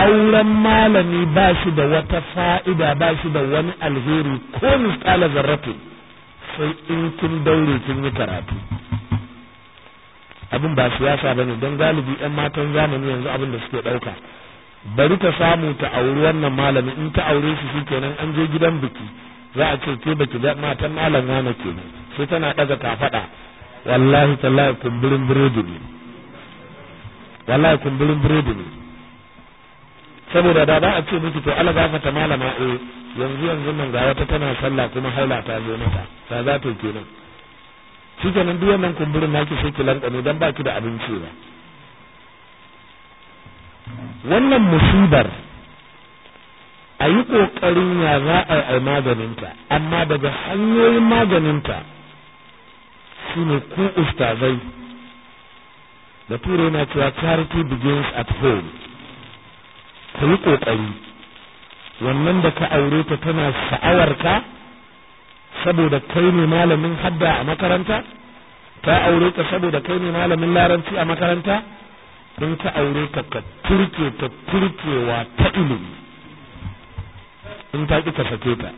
auren malami ba shi da wata fa'ida ba shi da wani alheri ko misala zarrafe sai in kin daure kin yi karatu abin ba siyasa ne don galibi yan matan zamani yanzu abin da suke ɗauka bari ta samu ta auri wannan malami in ta aure shi kenan an je gidan biki za a ce ke baki ga matan malam na kenan sai tana ta faɗa wallahi tallahi kumburin biredi ne wallahi kumburin biredi ne saboda da ba a ce miki to ala gafa ta malama eh yanzu yanzu nan ga wata tana sallah kuma haila ta zo mata ta za ta nan shi nan duk wannan kumburin naki sai ki lankane dan ki da abinci ba wannan musibar a yi ƙoƙarin ya za a yi maganinta amma daga hanyoyin maganinta su ne ku ustazai da ture na cewa charity begins at home ka yi ƙoƙari wannan da ka aure ta tana ka saboda kai ne malamin hadda a makaranta ta aure ka saboda kai ne malamin laranci a makaranta in ka aure ka ka turke ta turkewa ta ilimi in ta ki ta sake ta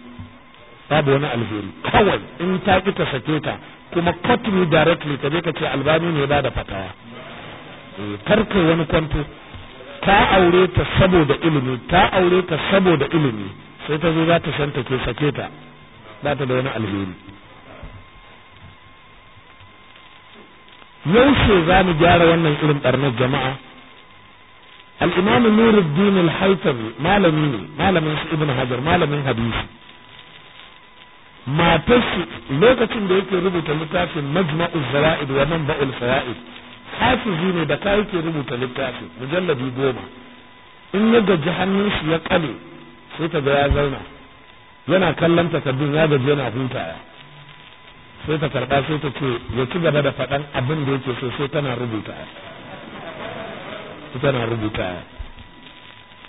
babu wani alheri kawai in ta ki ta sake ta kuma court directly ka je ka ce albani ne ba da fatawa eh, kar kai wani kwanto ta aure ta saboda ilimi ta aure ta saboda ilimi sai ta zo za ta san ta ke sake ta ba ta da wani alheri yaushe za mu gyara wannan irin barnar jama'a al-imam nuruddin al-haythami malami ne malamin su ibn hajar malamin hadisi matarsu lokacin da yake rubuta littafin majma'u zara'id wa ba'ul fara'id hafizi ne da ka yake rubuta littafin mujallabi goma in ya gaji hannun shi ya kale sai ta ga ya zauna yana kallon takardun ya gaji yana hutawa sai ta karba sai ta ce ya ci gaba da faɗan abin da yake so sai tana rubuta tana rubuta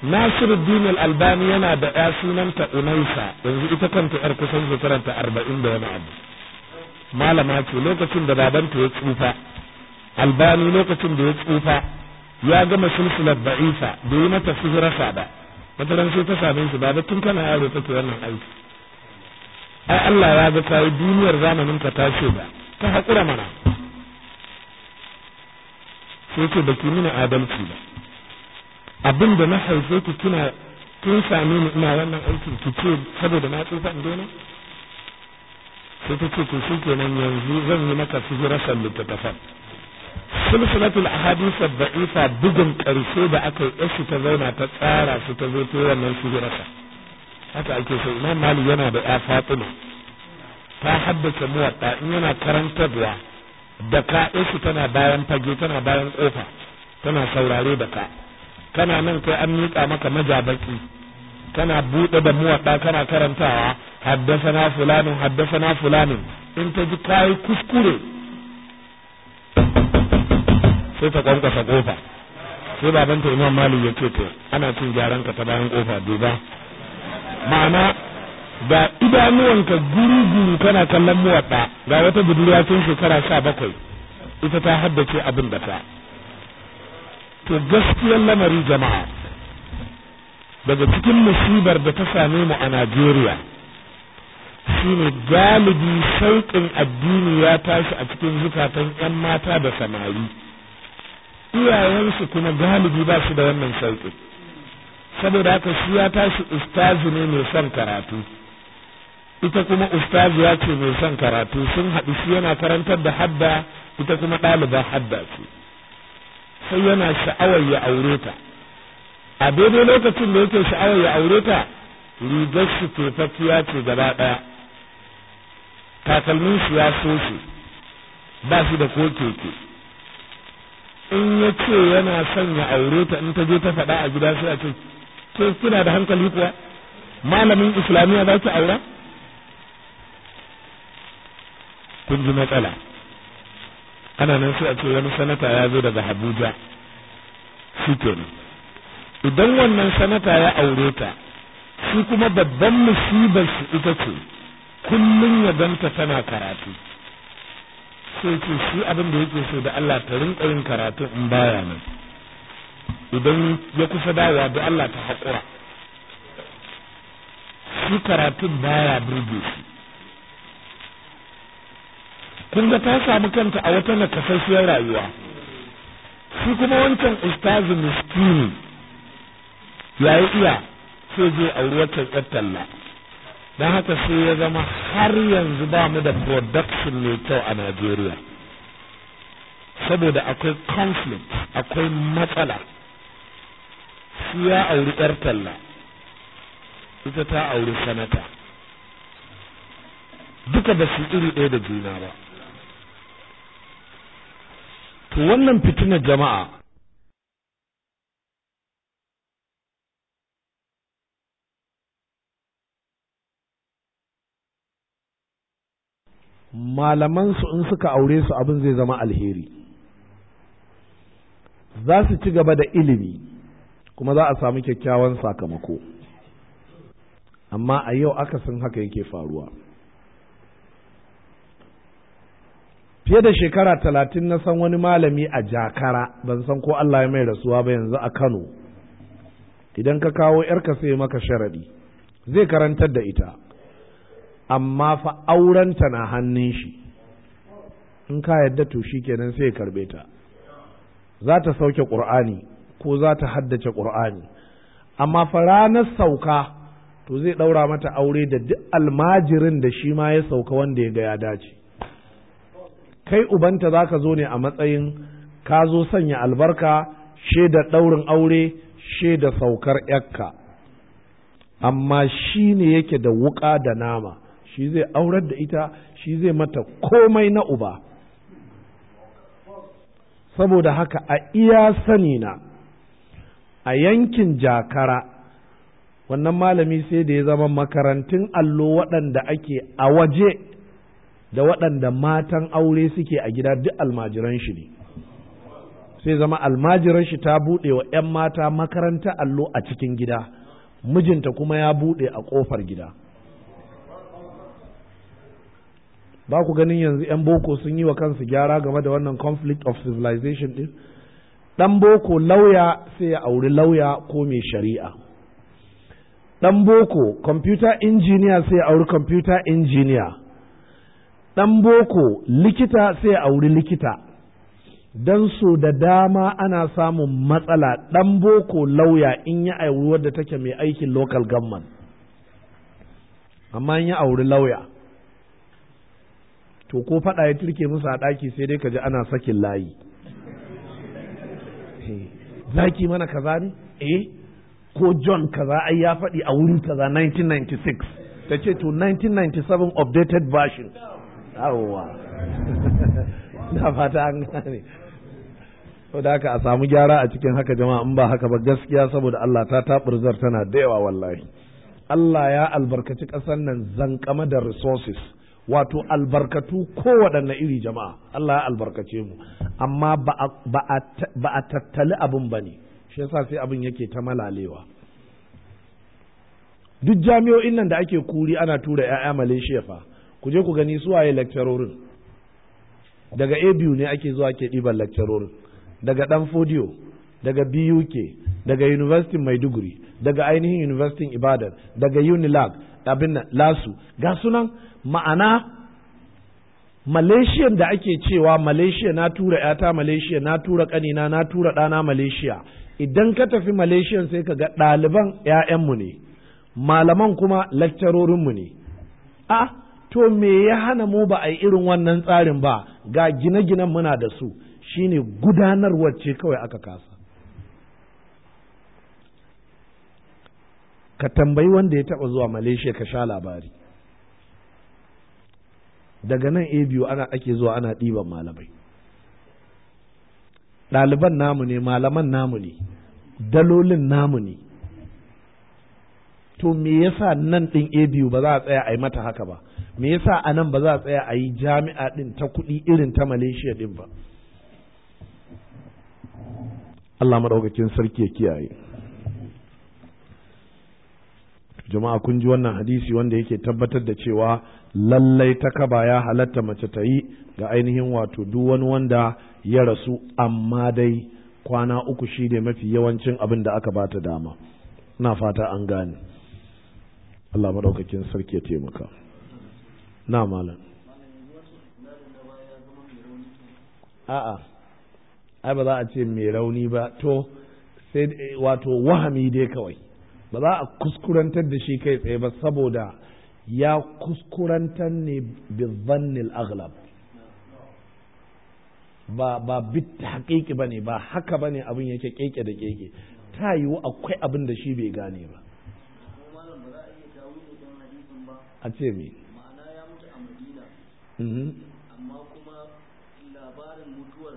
Nasiruddin Al-Albani yana da ɗa sunanta Unaisa yanzu ita kanta yar kusan shekaranta arba'in da wani abu malama ce lokacin da babanta ya tsufa Albani lokacin da ya tsufa ya gama silsilar baisa da yi mata sihirasa ba wata ran sai ta same shi ba da tun kana yaro take wannan aiki ai Allah ya ga ta duniyar zamanin ka ta ce ba ta haƙura mana sai ce baki mini adalci ba abin da na haife ku kina kin sami ni ina wannan aikin ki ce saboda na tsufa in daina sai ta ce to shi kenan yanzu zan yi maka su figurasar littattafan sulsulatul ahadith ad-da'ifa bugun karshe da aka yi su ta zauna ta tsara su ta zo to wannan su figurasa haka ake so imam malik yana da ya fatima ta haddace muwatta in yana karantarwa da ka su tana bayan fage tana bayan kofa tana saurare da ka kana nan kai an miƙa maka majabaki kana buɗe da muwaɗa kana karantawa haddasana fulanin na fulanin in ta ji kayi kuskure sai ta kwankwasa ƙofa sai babanta imam malik ya ce to ana cin gyaran ka ta bayan ƙofa duba ma'ana da idanuwanka guri-guri kana kallon muwaɗa ga wata budurwa tun shekara sha bakwai ita ta haddace abin da ta to gaskiya lamari jama'a daga cikin musibar da ta same mu a najeriya shine galibi sauƙin addini ya tashi a cikin zukatan ƴan mata da samari iyayensu kuma galibi ba su da wannan sauƙin saboda haka shi ya tashi ustazi ne mai son karatu ita kuma ya ce mai son karatu sun haɗu shi yana karantar da hadda ita kuma ɗaliban hadda ce sai yana sha'awar ya aure ta a daidai lokacin da yake sha'awar ya aure ta rigar shi tefafiya ce gaba ɗaya takalmin su ya su ba shi da ko keke in ya ce yana son ya aure ta in ta je ta faɗa a gida sai a ce ko kina da hankali kuwa malamin islamiyya za ki aura kun ji matsala ana nan sai a ce wani sanata ya zo daga Abuja shi idan wannan sanata ya aure ta shi kuma babban musibar su ita ce kullum ya danta tana karatu sai ce shi abin da yake so da Allah ta rinka yin karatu in baya nan idan ya kusa dawa da Allah ta haƙura shi karatun baya birge shi kun ga ta samu kanta a wata nakasasshiyar rayuwa shi kuma wancan ustazu miskini ya yi iya sai je a waccan yar talla don haka sai ya zama har yanzu ba mu da production mai kyau a Najeriya saboda akwai conflict akwai matsala shi ya auri yar talla ita ta auri sanata duka ba su iri ɗaya da juna ba to wannan fitinar jama'a malamansu in suka aure su abin zai zama alheri za su ci gaba da ilimi kuma za a samu kyakkyawan sakamako amma a yau akasin haka yake faruwa fiye da shekara talatin na san wani malami a jakara ban san ko Allah ya mai rasuwa ba yanzu a Kano idan ka kawo yarka sai maka sharadi zai karantar da ita amma fa aurenta na hannun shi in ka yadda to kenan sai ya karbe ta za ta sauke ƙur'ani ko za ta haddace ƙur'ani amma fa ranar sauka to zai ɗaura mata aure da duk almajirin da shi ma ya sauka wanda ya ga ya dace kai ubanta za ka zo ne a matsayin ka zo sanya albarka shaida ɗaurin aure shaida saukar yakka amma shi ne yake da wuƙa da nama shi zai aurar da ita shi zai mata komai na uba saboda haka a iya sani na a yankin jakara wannan malami sai da ya zama makarantun allo waɗanda ake a waje da waɗanda matan aure suke a gida duk almajiran shi ne sai zama almajiran shi ta buɗe wa 'yan mata makaranta allo a cikin gida mijinta kuma ya buɗe a ƙofar gida ba ku ganin yanzu 'yan boko sun yi wa kansu gyara game da wannan conflict of civilization ɗin ɗan boko lauya sai ya auri lauya ko mai shari'a ɗan boko computer engineer sai ya auri computer engineer ɗan boko likita sai auri likita don su da dama ana samun matsala ɗan boko lauya in ya auri wadda take mai aikin local government amma in ya auri lauya to ko faɗa ya turke musu a ɗaki sai dai ka ji ana sakin layi eh, zaki mana kaza ne eh ko john kaza ai ya faɗi a wuri kaza 1996 ta ce to 1997 updated version yawwa na fata an gane da haka a samu gyara a cikin haka jama'a in ba haka ba gaskiya saboda Allah ta taɓurzar tana da yawa wallahi Allah ya albarkaci ƙasar nan zankama da resources wato albarkatu waɗanne iri jama'a Allah ya albarkace mu amma ba a tattali abin ba ne shi yasa sai abin yake ta malalewa duk jami'o'in nan da ake kuri ana tura 'ya'ya Malaysia fa ku je ku gani suwaye lecturerin daga abu ne ake zuwa ke ɗiban lecturerin daga ɗan fodiyo daga buk daga university maiduguri daga ainihin university ibadan daga unilag abin lasu ga sunan ma'ana malaysia da ake cewa malaysia na tura yata malaysia na tura kanina na tura ɗana malaysia idan ka tafi malaysia sai ka ga ɗaliban 'ya'yanmu ne malaman kuma mu ne a ah, to me ya hana mu ba a yi irin wannan tsarin ba ga gine-ginen muna da su shine gudanarwar ce kawai aka kasa ka tambayi wanda ya taba zuwa malaysia ka sha labari daga nan a biyu ana ake zuwa ana ɗiban malamai ɗaliban namu ne malaman namu ne dalolin namu ne to me yasa nan ɗin a biyu ba za a tsaya a yi mata haka ba me yasa a nan ba za a tsaya a yi jami'a ɗin ta kuɗi irin ta malaysia ɗin ba Allah maɗaukakin sarki ya kiyaye jama'a kun ji wannan hadisi wanda yake tabbatar da cewa lallai ta kaba ya halatta mace ta yi ga ainihin wato duk wani wanda ya rasu amma dai kwana uku shi ne mafi yawancin abin da aka bata dama ina fata an gane Allah maɗaukakin sarki ya taimaka na malam a'a ai ba za a ce mai rauni ba to sai wato wahami dai kawai ba za a kuskurantar da shi kai tsaye ba saboda ya kuskurantar ne bi zannil aghlab ba ba bit haƙiƙi bane ba haka bane abin yake keke da keke ta yiwu akwai abin da shi bai gane ba a ce me Mm-hmm. amma kuma labarin mutuwar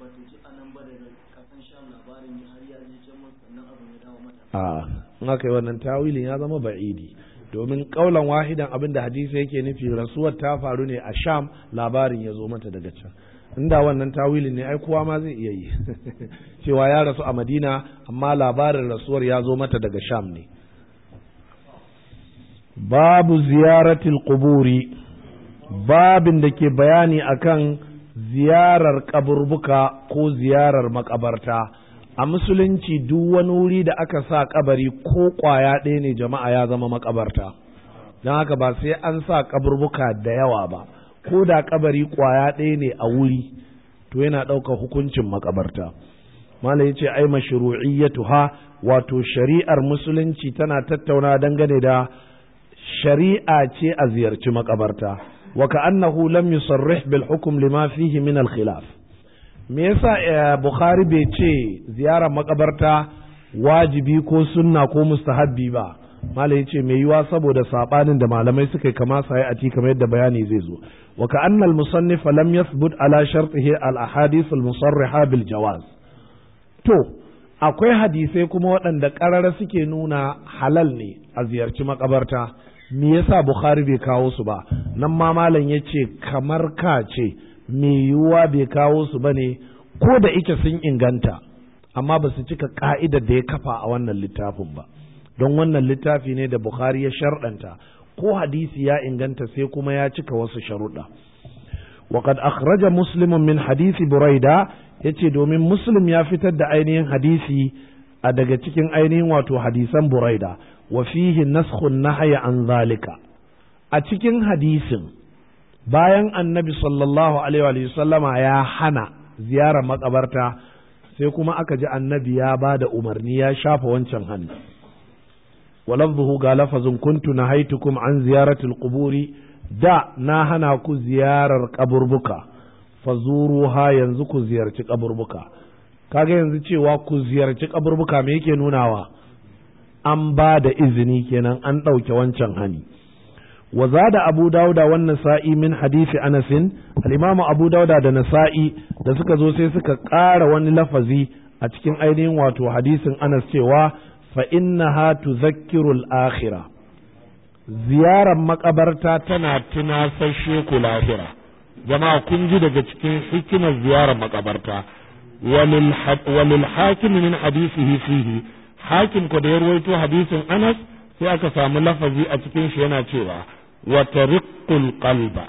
ba ta ji anan ba daga kasan sham labarin ya har ya ji can sannan abin ya dawo mata a ah, in aka yi wannan tawilin ya zama ba'idi domin kaulan wahidan abin da hadisi yake nufi rasuwar ta faru ne a sham labarin ya zo mata daga can inda wannan tawilin ne ai kowa ma zai iya yi cewa ya rasu a madina amma labarin rasuwar ya zo mata daga sham ne babu ziyaratul quburi babin da ke bayani akan ziyarar kaburbuka ko ziyarar makabarta a musulunci duk wani wuri da aka sa kabari ko ƙwaya ɗaya ne jama'a ya zama makabarta don haka ba sai an sa ƙaburbuka da yawa ba ko da kabari ƙwaya ɗaya ne a wuri to yana ɗaukar hukuncin makabarta mala ya ce ai tuha wato shari'ar musulunci tana tattauna dangane da shari'a ce a ziyarci makabarta wa ka'annahu lam yusarrih bil hukm lima fihi min al khilaf me yasa eh, bukhari bai ce ziyarar makabarta wajibi ko sunna ko mustahabbi ba ce yace mai yiwa saboda saɓanin da malamai suka kama sai a ci kamar yadda bayani zai zo wa ka'anna al musannif lam yathbut ala shartihi al ahadith al musarriha bil jawaz to akwai hadisai kuma waɗanda ƙarara suke nuna halal ne a ziyarci makabarta me yasa bukhari bai kawo su ba nan ma malam ya ce kamar ka ce me yiwuwa bai kawo su ba ne ko da ike sun inganta amma ba su cika ka'idar da ya kafa a wannan littafin ba don wannan littafi ne da bukhari ya sharɗanta ko hadisi ya inganta sai kuma ya cika wasu sharuɗa وقد أخرج مسلم من حديث بريدة yace domin muslim ya fitar da ainihin hadisi a daga cikin ainihin wato hadisan buraida wa fihi na nahyi anzalika. a cikin hadisin bayan annabi sallallahu alaihi wa sallama ya hana ziyarar makabarta sai kuma aka ji annabi ya ba da umarni ya shafa wancan hannu walafzuhu ga lafazin kuntu na haitukum an ziyaratul quburi da na hana ku ziyarar kaburbuka ha yanzu ku ziyarci kaburbuka kaga yanzu cewa ku ziyarci kaburbuka me yake nunawa an ba da izini kenan an ɗauke wancan hani wa da abu dauda wan nasa'i min hadisi anasin al'imamu abu dauda da nasa'i da suka zo sai suka ƙara wani lafazi a cikin ainihin wato hadisin anas cewa fa hatu zakirul akhira. ziyarar makabarta tana tunasashe ku lahira jama'a kun ji daga cikin hikimar ziyarar makabarta walil hakimi min hadisi fihi hakim ko da ya ruwaito hadisin anas sai aka samu lafazi a cikin shi yana cewa wata tariqul qalba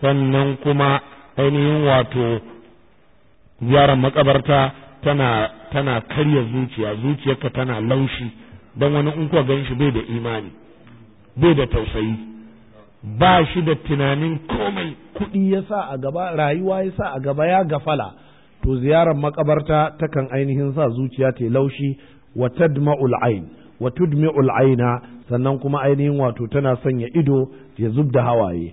sannan kuma ainihin wato ziyarar makabarta tana tana karya zuciya zuciyarka tana laushi don wani in kuwa gan shi bai da imani bai da tausayi ba shi da tunanin komai kuɗi yasa a gaba rayuwa yasa a gaba ya gafala to ziyarar makabarta takan ainihin sa zuciya ta laushi wa tadma'ul ayn wa tudmi'ul sannan kuma ainihin wato tana sanya ido ya zub da hawaye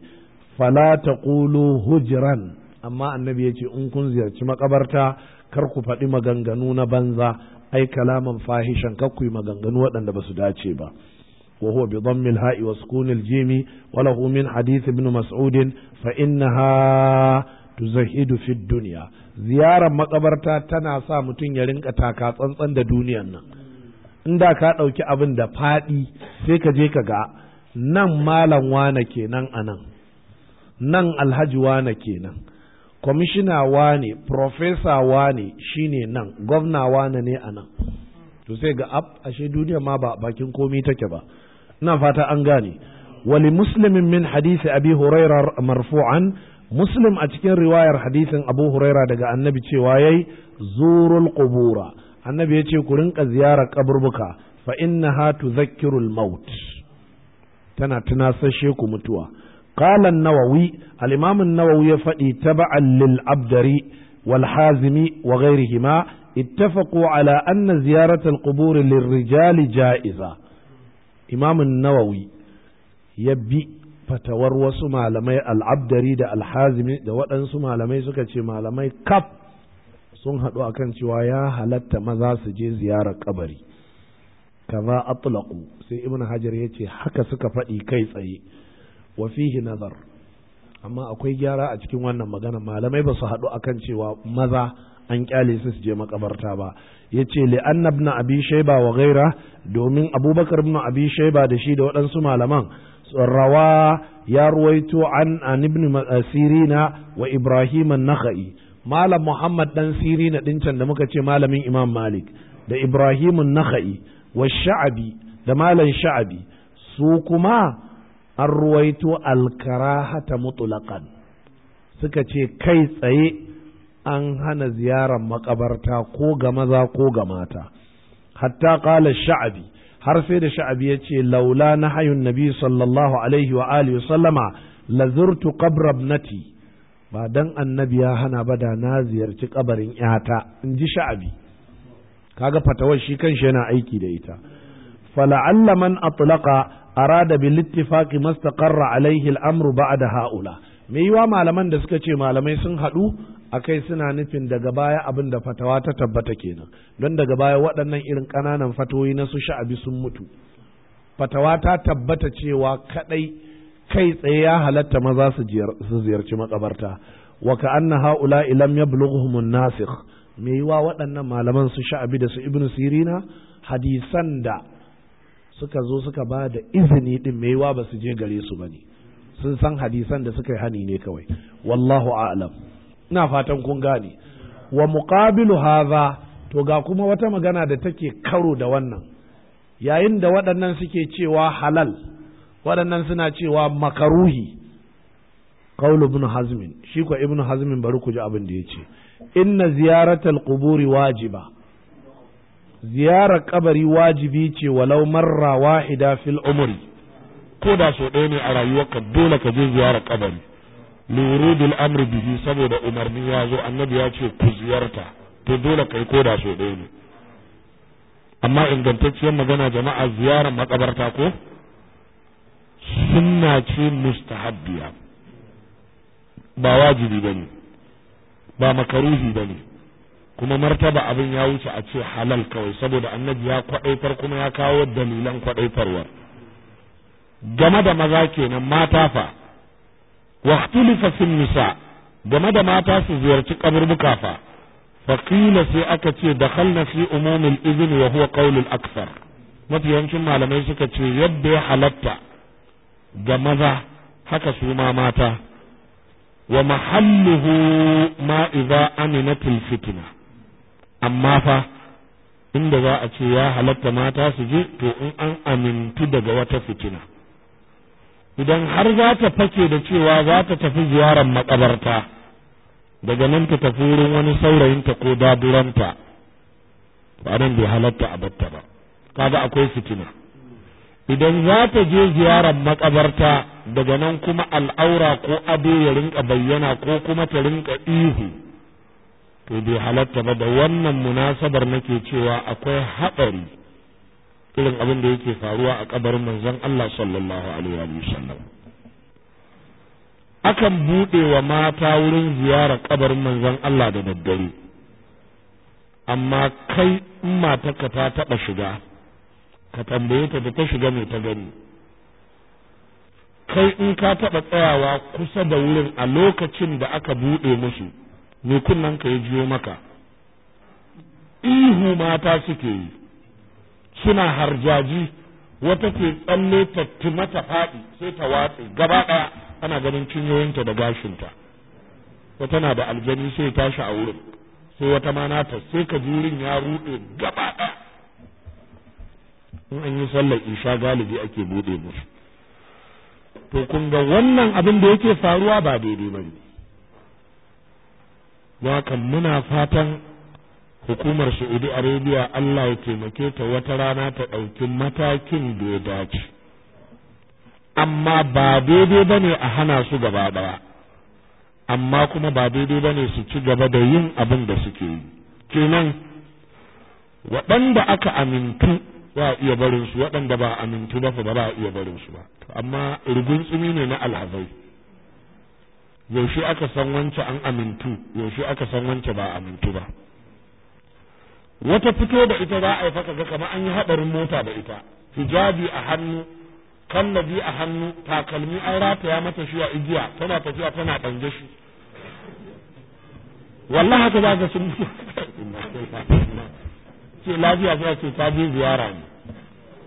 fala taqulu hujran amma annabi ya ce in kun ziyarci makabarta kar ku faɗi maganganu na banza ai kalaman fahishan kar ku yi maganganu waɗanda ba su dace ba وهو بضم jimi وسكون الجيم وله من حديث ابن مسعود فإنها tuzahidu fi duniya ziyarar makabarta tana sa mutum ya rinka taka tsantsan da duniyan nan in da ka ɗauki abin da faɗi sai ka je ka ga nan malam wane kenan a nan nan alhaji wane kenan kwamishina wane profesa wane shine nan gwamna wane ne a nan to sai ga ab ashe duniya ma ba bakin komi take ba ina fata an gane wali muslimin min hadisi abi hurairah marfu'an muslim a cikin riwayar hadisin abu huraira daga annabi cewa yayi zurul qubura annabi ya ce ku rinka ziyarar kaburbuka fa hatu zakirul maut tana tunasashe ku mutuwa qala nawawi al-imam an-nawawi ya faɗi taba'an lil abdari wal hazimi wa ghayrihima ittafaqu ala anna ziyarata al-qubur lirrijali ja'iza imam an-nawawi ya bi fatawar wasu malamai al'abdari da alhazimi da waɗansu malamai suka ce malamai kaf sun haɗu kan cewa ya halatta maza su je ziyarar kabari kaza atlaqu sai ibn hajar ya ce haka suka faɗi kai tsaye wa fihi nazar amma akwai gyara a cikin wannan magana malamai ba su haɗu akan cewa maza an kyale su su je makabarta ba ya ce li'anna ibn abi Shaiba wa gaira domin abubakar ibn abi ba da shi da waɗansu malaman rawa ya ruwaito an an ibn sirina wa ibrahim an-nakhai malam muhammad dan sirina can da muka ce malamin imam malik da ibrahim an-nakhai wa sha'abi da malam sha'abi su kuma an ruwaito al-karahata mutlaqan suka ce kai tsaye an hana ziyarar makabarta ko ga maza ko ga mata hatta qala sha'abi har sai da sha'abi ya ce laula na hayun nabi sallallahu alaihi wa alihi sallama lazurtu qabra ibnati ba dan annabi ya hana ba da na ziyarci kabarin yata in ji sha'abi kaga fatawar shi kanshi yana aiki da ita fala'alla man atlaqa arada bil ittifaqi mastaqarra alaihi al-amru ba'da haula me yiwa malaman da suka ce malamai sun haɗu akai suna nufin daga baya abin da fatawa ta tabbata kenan don daga baya waɗannan irin ƙananan fatoyi na su sha'abi sun mutu fatawa ta tabbata cewa kaɗai kai tsaye ya halatta maza su ziyarci makabarta wa na haula ilam ya bulughumun nasikh me yiwa waɗannan malaman su sha'abi da su Ibn sirina hadisan da suka zo suka ba da izini din me yiwa ba su je gare su ne? sun san hadisan da suka yi hani ne kawai wallahu a'lam ina fatan kun gane wa muqabilu hadha to ga kuma wata magana da take karo da wannan yayin da waɗannan suke cewa halal waɗannan suna cewa makaruhi qawlu ibn hazmin shi ko ibn hazmin bari ku ji abin da yace inna ziyaratal quburi wajiba ziyarar kabari wajibi ce walau marra wahida fil umri ko da so ɗaya ne a rayuwarka dole ka je ziyarar kabari liwurudul amri bihi saboda umarni ya zo annabi ya ce ku ziyarta to dole kai koda so ɗaya ne amma ingantacciyar magana jama'a ziyarar makabarta ko sunna ce mustahabbiya ba wajibi bane ba makaruhi bane kuma martaba abin ya wuce a ce halal kawai saboda annabi ya kwadaitar kuma ya kawo dalilan kwadaitarwar game da maza kenan mata fa واختلف في النساء game da mata su ziyarci kaburbuka fa faqila sai aka ce dakhalna fi izini izn wa huwa al akthar mafi yawancin malamai suka ce yadda ya halatta ga maza haka su ma mata wa mahalluhu ma idza al fitna amma fa inda za a ce ya halatta mata su je to in an amintu daga wata fitina idan har za ta fake da cewa za ta tafi ziyarar makabarta daga nan ta tafi wurin wani saurayinta ko daburanta ba nan bai halatta a batta ba kaga akwai fitina idan za ta je ziyarar makabarta daga nan kuma al'aura ko ado ya rinka bayyana ko kuma ta rinka ihu to bai halatta ba da wannan munasabar nake cewa akwai haɗari irin abin da yake faruwa a kabarin manzon Allah sallallahu alaihi wa sallam akan buɗe wa mata wurin ziyara kabarin manzon Allah da daddare amma kai in ka ta taɓa shiga ka tambaye ta da ta shiga mai ta gani kai in ka taɓa tsayawa kusa da wurin a lokacin da aka buɗe musu mai kunnan ka ya jiyo maka ihu mata suke yi suna harjaji wata ke tsalle ta mata faɗi sai ta watse gaba ɗaya ana ganin cinyoyinta da gashinta ko tana da aljani sai tashi a wurin sai wata ma nata sai ka ji wurin ya rude gaba ɗaya in an yi sallar isha galibi ake buɗe musu to kun ga wannan abin da yake faruwa ba daidai ba ne muna fatan hukumar saudi arabia allah ya taimake ta wata rana ta ɗauki matakin da ya dace amma ba daidai ba ne a hana su gaba ɗaya amma kuma ba daidai ba ne su ci gaba da yin abin da suke yi kenan waɗanda aka amintu ba iya barin su waɗanda ba amintu ba ba a iya barin su ba amma rugun tsimi ne na alhazai yaushe aka san wance an amintu yaushe aka san wance ba amintu ba wata fito da ita za a yi faka ga kamar an yi haɗarin mota da ita hijabi a hannu kallabi a hannu takalmi an rataya mata shi a igiya tana tafiya tana ɗange shi wallahi haka za ka sun ce lafiya za ce ta je ziyara ne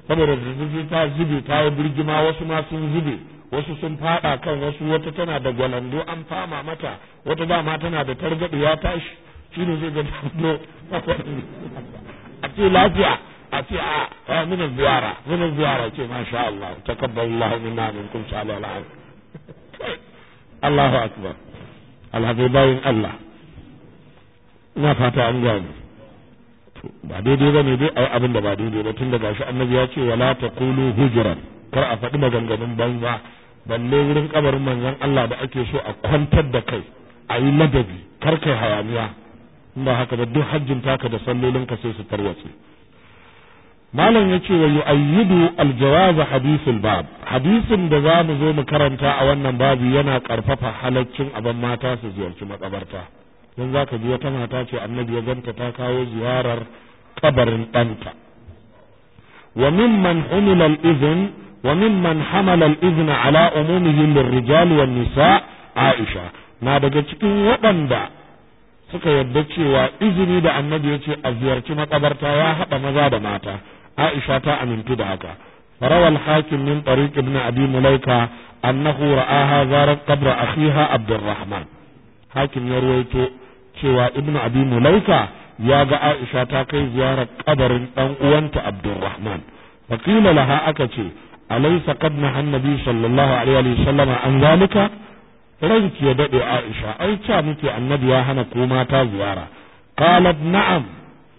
saboda zuzzuzi ta zube ta yi birgima wasu ma sun zube wasu sun fada kan wasu wata tana da gwalando an fama mata wata dama tana da targaɗe ya tashi shi ne zai gani no a ce lafiya a ce a mini ziyara mini ziyara ce masha Allah takabbalallahu minna minkum sallallahu Allahu akbar alhaji bayin Allah ina fata an gani ba daidai ba ne dai yi abin da ba daidai ba tun da shi annabi ya ce wala kulu hujran kar a faɗi maganganun banza balle wurin kabarin manzon Allah da ake so a kwantar da kai a yi ladabi kar kai hayaniya in ba haka ba duk hajjin taka da sallolin ka sai su tarwatse malam ce wa yu'ayyidu al-jawaz hadithul bab hadisin da za mu zo mu karanta a wannan babu yana karfafa halaccin aban mata su ziyarci makabarta dan zaka ji wata mata ce annabi ya ganta ta kawo ziyarar kabarin ɗanta wa mimman humila al-izn wa mimman hamala al-izn ala umumihi lirrijal wan nisa aisha na daga cikin waɗanda suka yadda cewa izini da annabi ya ce a ziyarci makabarta ya haɗa maza da mata aisha ta amintu da haka farawal hakim min tariq ibn abi mulaika annahu ra'aha zarat qabra akhiha abdurrahman hakim ya ruwaito cewa ibn abi mulaika ya ga aisha ta kai ziyarar kabarin dan uwanta abdurrahman faqila laha aka ce alaysa qad nahannabi sallallahu alaihi wa sallama an zalika ranki ya daɗe aisha ai ca muke annabi ya hana ko mata ziyara qalat na'am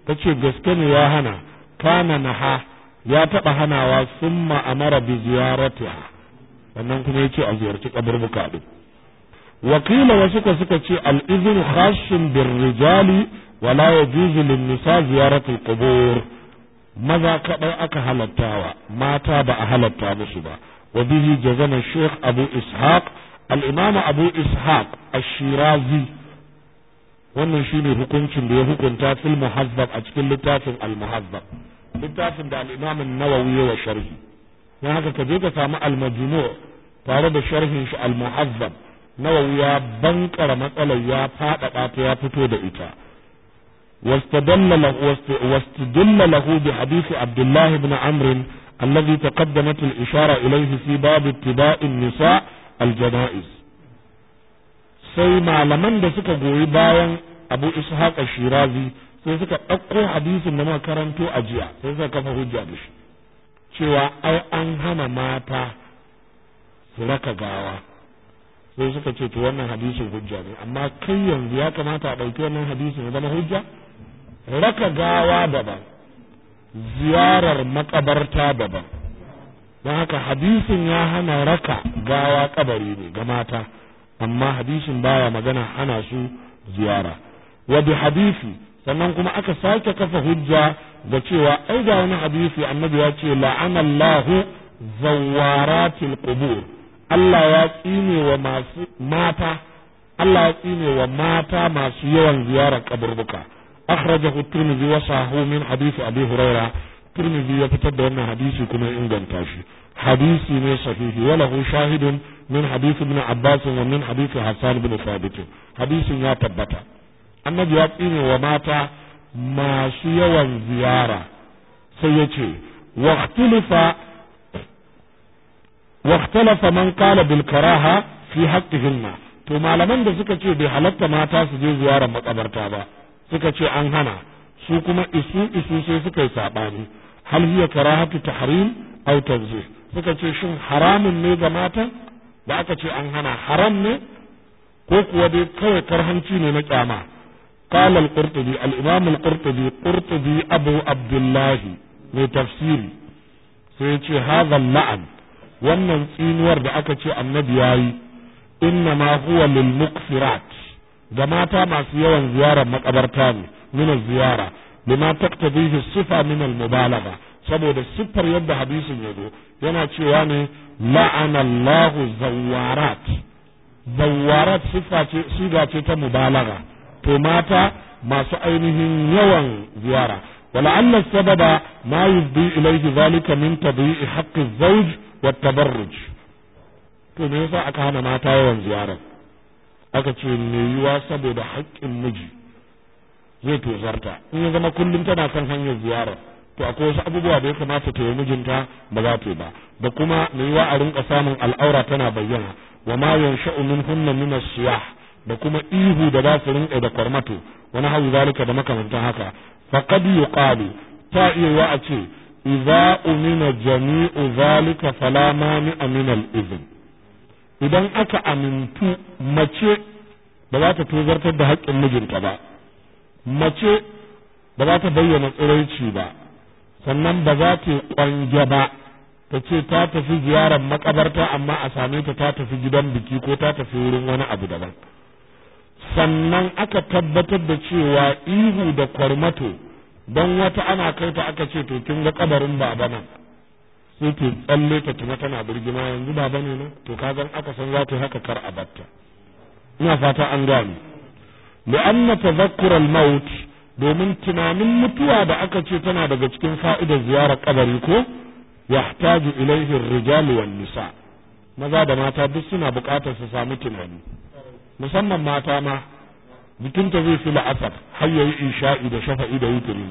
tace gaske ne ya hana kana naha ya taɓa hanawa summa amara bi ziyaratiha sannan kuma yace a ziyarci kaburbuka din wakila wasu ka suka ce al-izn khashin bir rijali wala yajuzu lin nisa ziyaratul qubur maza kaɗai aka halattawa mata ba a halatta musu ba wa bihi jazama shaykh abu ishaq al-imam abu ishaq ash-shirazi wannan shine hukuncin da ya hukunta fil muhazzab a cikin littafin al-muhazzab littafin da al-imam an-nawawi wa sharhi dan haka ka je ka samu al-majmu' tare da sharhin shi al-muhazzab nawawi ya bankara matsalar ya faɗaɗa ta ya fito da ita واستدل له واستدل abdullahi بحديث عبد الله بن عمرو الذي ishara ilaihi إليه babu باب اتباع nisa. aljana'iz sai malaman da suka goyi bayan abu ishaq shirazi sai suka ɗauko hadisin da muka a jiya sai suka kafa hujja da shi cewa ai an hana mata su raka gawa sai suka ce to wannan hadisin hujja ne amma kai yanzu ya kamata a ɗauki wannan hadisin ya zama hujja raka gawa daban ziyarar makabarta daban don haka hadisin ya hana raka gawa kabari ne ga mata amma hadisin baya magana ana su ziyara wa bi hadisi sannan kuma aka sake kafa hujja da cewa ai ga wani hadisi annabi ya ce la'anallahu zawaratil qubur Allah ya tsine wa masu mata Allah ya tsine wa mata masu yawan ziyarar kaburbuka akhrajahu at-Tirmidhi wa sahu min hadisi Abi Hurairah tirmidhi ya fitar da wannan hadisi kuma inganta shi hadisi ne sahihi wala hu shahidun min hadisi ibn abbas wa min hadisi hasan ibn thabit hadisin ya tabbata annabi ya tsine wa mata masu yawan ziyara sai ya ce واختلف man kala bilkaraha بالكراهة في na to malaman da suka ce bai halatta mata su je ziyarar makabarta ba suka ce an hana su kuma isu isu sai suka yi saɓani hal hiya karahatu tahrim aw tanzih suka ce shin haramun ne ga matan da aka ce an hana haram ne ko kuwa dai kawai karhanci ne na ƙyama. kyama قال القرطبي الإمام القرطبي abu Abdullahi mai tafsiri لتفسيري yace هذا اللعن wannan tsinuwar da aka ce annabi ya yi inna ma huwa lil muqsirat ga mata masu yawan ziyarar makabarta ne من الزيارة لما تقتضيه الصفة من المبالغة سبب السفر يبدأ حديث يدو ينا تشواني لعن الله الزوارات زوارات صفة صفة مبالغة تمات ما سأينه نوع زيارة ولعل السبب ما يفضي إليه ذلك من تضيء حق الزوج والتبرج تنسى أكهان ما تاوان زيارة أكتشي النيوى سبب حق المجي zai tozarta in ya zama kullum tana kan hanyar ziyara to akwai wasu abubuwa da ya kamata ta yi mijinta ba za ta ba da kuma mai yi a rinka samun al'aura tana bayyana wa ma sha'u min hunna min as da kuma ihu da za su rinka da kwarmato wani hawi zalika da makamantan haka faqad yuqalu ta iya wa a ce idza umina jami'u zalika fala mani'a min al-izn idan aka amintu mace ba za ta tozartar da haƙƙin mijinta ba mace ba za ta bayyana tsiraici ba sannan ba za ta kwange ba ta ce ta tafi ziyarar makabarta amma a same ta ta tafi gidan biki ko ta tafi wurin wani abu daban sannan aka tabbatar da cewa ihu da kwarmato don wata ana kai ta aka ce to kin ga kabarin baba nan sai ta tsalle ta tuna tana birgima yanzu baba ne na to kagan aka san za ta haka kar a batta ina fata an gane li'anna tadhakkur al-maut domin tunanin mutuwa da aka ce tana daga cikin fa'idar ziyarar kabari ko yahtaju ilayhi ar-rijal wan nisa maza da mata duk suna buƙatar su samu tunani musamman mata ma jikinta zai fi la'asar har yayi isha'i da shafa'i da wuturi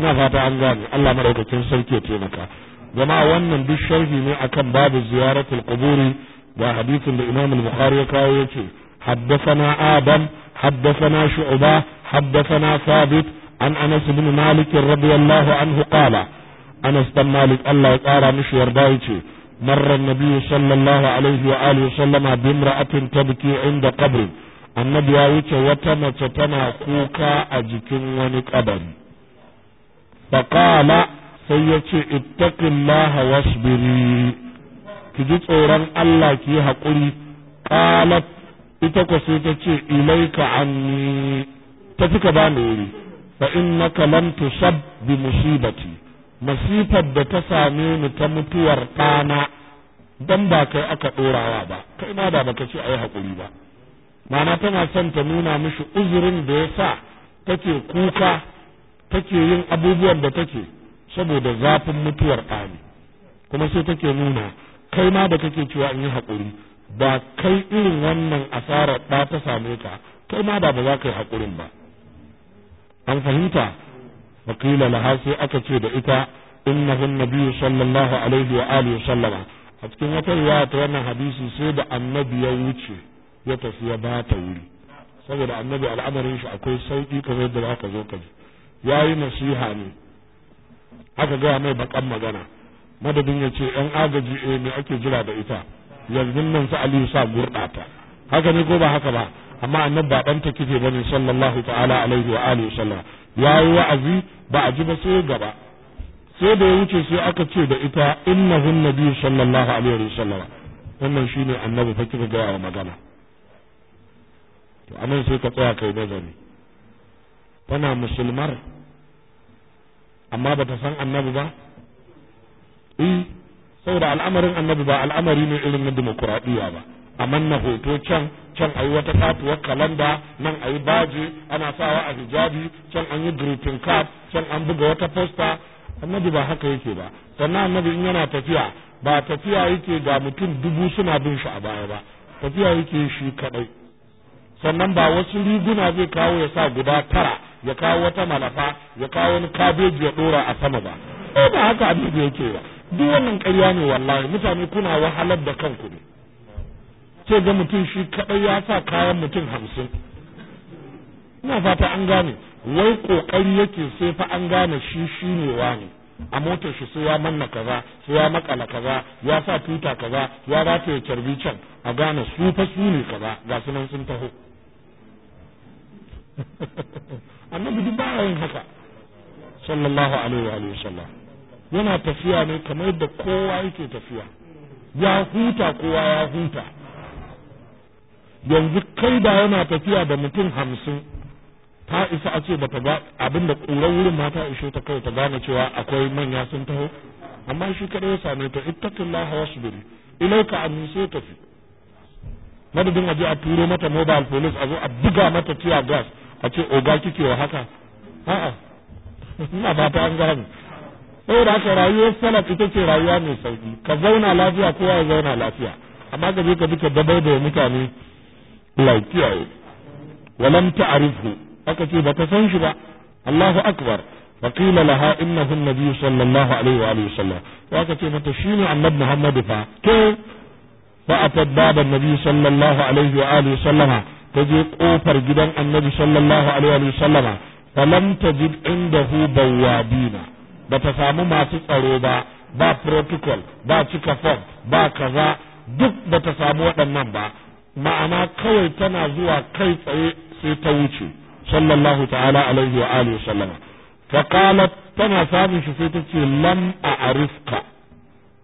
ina fata an gane Allah madaukakin sarki ya taimaka jama'a wannan duk sharhi ne akan babu ziyaratul quburi da hadisin da Imam al-Bukhari ya kawo yace حدثنا آدم حدثنا شعبة حدثنا ثابت عن أنس بن مالك رضي الله عنه قال أنس بن مالك الله يقارى مش يرضايتي مر النبي صلى الله عليه وآله وسلم بامرأة تبكي عند قبر النبي يوتي وتمت تنا كوكا أجكن ونكبر فقال سيتي اتق الله واصبري كجيت أوران الله كي هقولي قالت ita ko sai ta ce ilaika anni fika ka bani wuri fa innaka lam tusab bi musibati masifar da ta same ni ta mutuwar ɗana dan ba kai aka dorawa ba kai ma da baka ce ai haƙuri ba ma'ana tana son ta nuna mishi uzurin da ya sa take kuka take yin abubuwan da take saboda zafin mutuwar ɗani kuma sai take nuna kai ma da kake cewa in yi haƙuri ba kai irin wannan asarar ba ta same ka kai ma da ba za ka yi haƙurin ba an fahimta wakila laha sai aka ce da ita innahu nabiyyu sallallahu alaihi wa alihi sallama a cikin wata riwaya ta wannan hadisi sai da annabi ya wuce ya tafi ya bata wuri saboda annabi al'amarin shi akwai sauki kamar yadda za ka zo ka ji yayi nasiha ne aka gaya mai bakan magana madadin ya ce yan agaji eh me ake jira da ita yanzu nan su aliyu sa gurɗata haka ne ko ba haka ba amma annabi ba dan takife bane sallallahu ta'ala alaihi wa alihi sallam yayi wa'azi ba a ji ba sai gaba sai da ya wuce sai aka ce da ita innahun nabi sallallahu alaihi wa sallam wannan shine annabi fa kika ga magana to amma sai ka tsaya kai nazari tana musulmar amma ba ta san annabi ba eh saboda al'amarin annabi ba al'amari ne irin na dimokuraɗiyya ba a manna hoto can can a yi wata katuwar kalanda nan a yi baje ana sawa a hijabi can an yi greeting card can an buga wata posta annabi ba haka yake ba sannan annabi in yana tafiya ba tafiya yake ga mutum dubu suna bin shi a baya ba tafiya yake shi kaɗai sannan ba wasu riguna zai kawo ya sa guda tara ya kawo wata malafa ya kawo wani kabeji ya dora a sama ba eh, ba haka annabi yake ba duk wannan ƙarya ne wallahi mutane kuna wahalar da kanku ne ce ga mutum shi kaɗai ya sa kayan mutum hamsin ina fata an gane wai ƙoƙari yake sai fa an gane shi shi ne wani a motar shi sai ya manna kaza sai ya makala kaza ya sa tuta kaza ya rata ya carbi can a gane su fa su ne kaza ga su nan sun taho annabi duk ba yin haka sallallahu alaihi wa sallam yana tafiya ne kamar da kowa yake tafiya ya huta kowa ya huta yanzu kai da yana tafiya da mutum hamsin ta isa a ce bata ba abinda ƙurar wurin mata ta ishe ta kai ta gane cewa akwai manya sun taho amma shi kada ya same ta ittaqillaha wasbir ilaika an sai tafi madadin aje a turo mata mobile police a zo a buga mata tiya gas a ce oga kike wa haka a'a ina ba ta an gane sai da haka rayuwar salaf ita ce rayuwa mai sauki ka zauna lafiya ko ya zauna lafiya amma ka je ka duka dabar da mutane Allah kiyaye walam ta'rifu aka ce baka san shi ba Allahu akbar fa qila laha innahu an-nabiy sallallahu alaihi wa alihi wasallam to aka ce mata shine annabi Muhammad fa ke fa atad baba annabi sallallahu alaihi wa alihi wasallama ta je kofar gidan annabi sallallahu alaihi wa alihi wasallama falam tajid indahu bawabina ba ta samu masu tsaro ba ba protocol ba cika form ba kaza duk ba ta samu waɗannan ba ma'ana kawai tana zuwa kai tsaye sai ta wuce sallallahu ta'ala alaihi wa alihi sallam fa qalat tana samun shi sai ta ce lam a arifka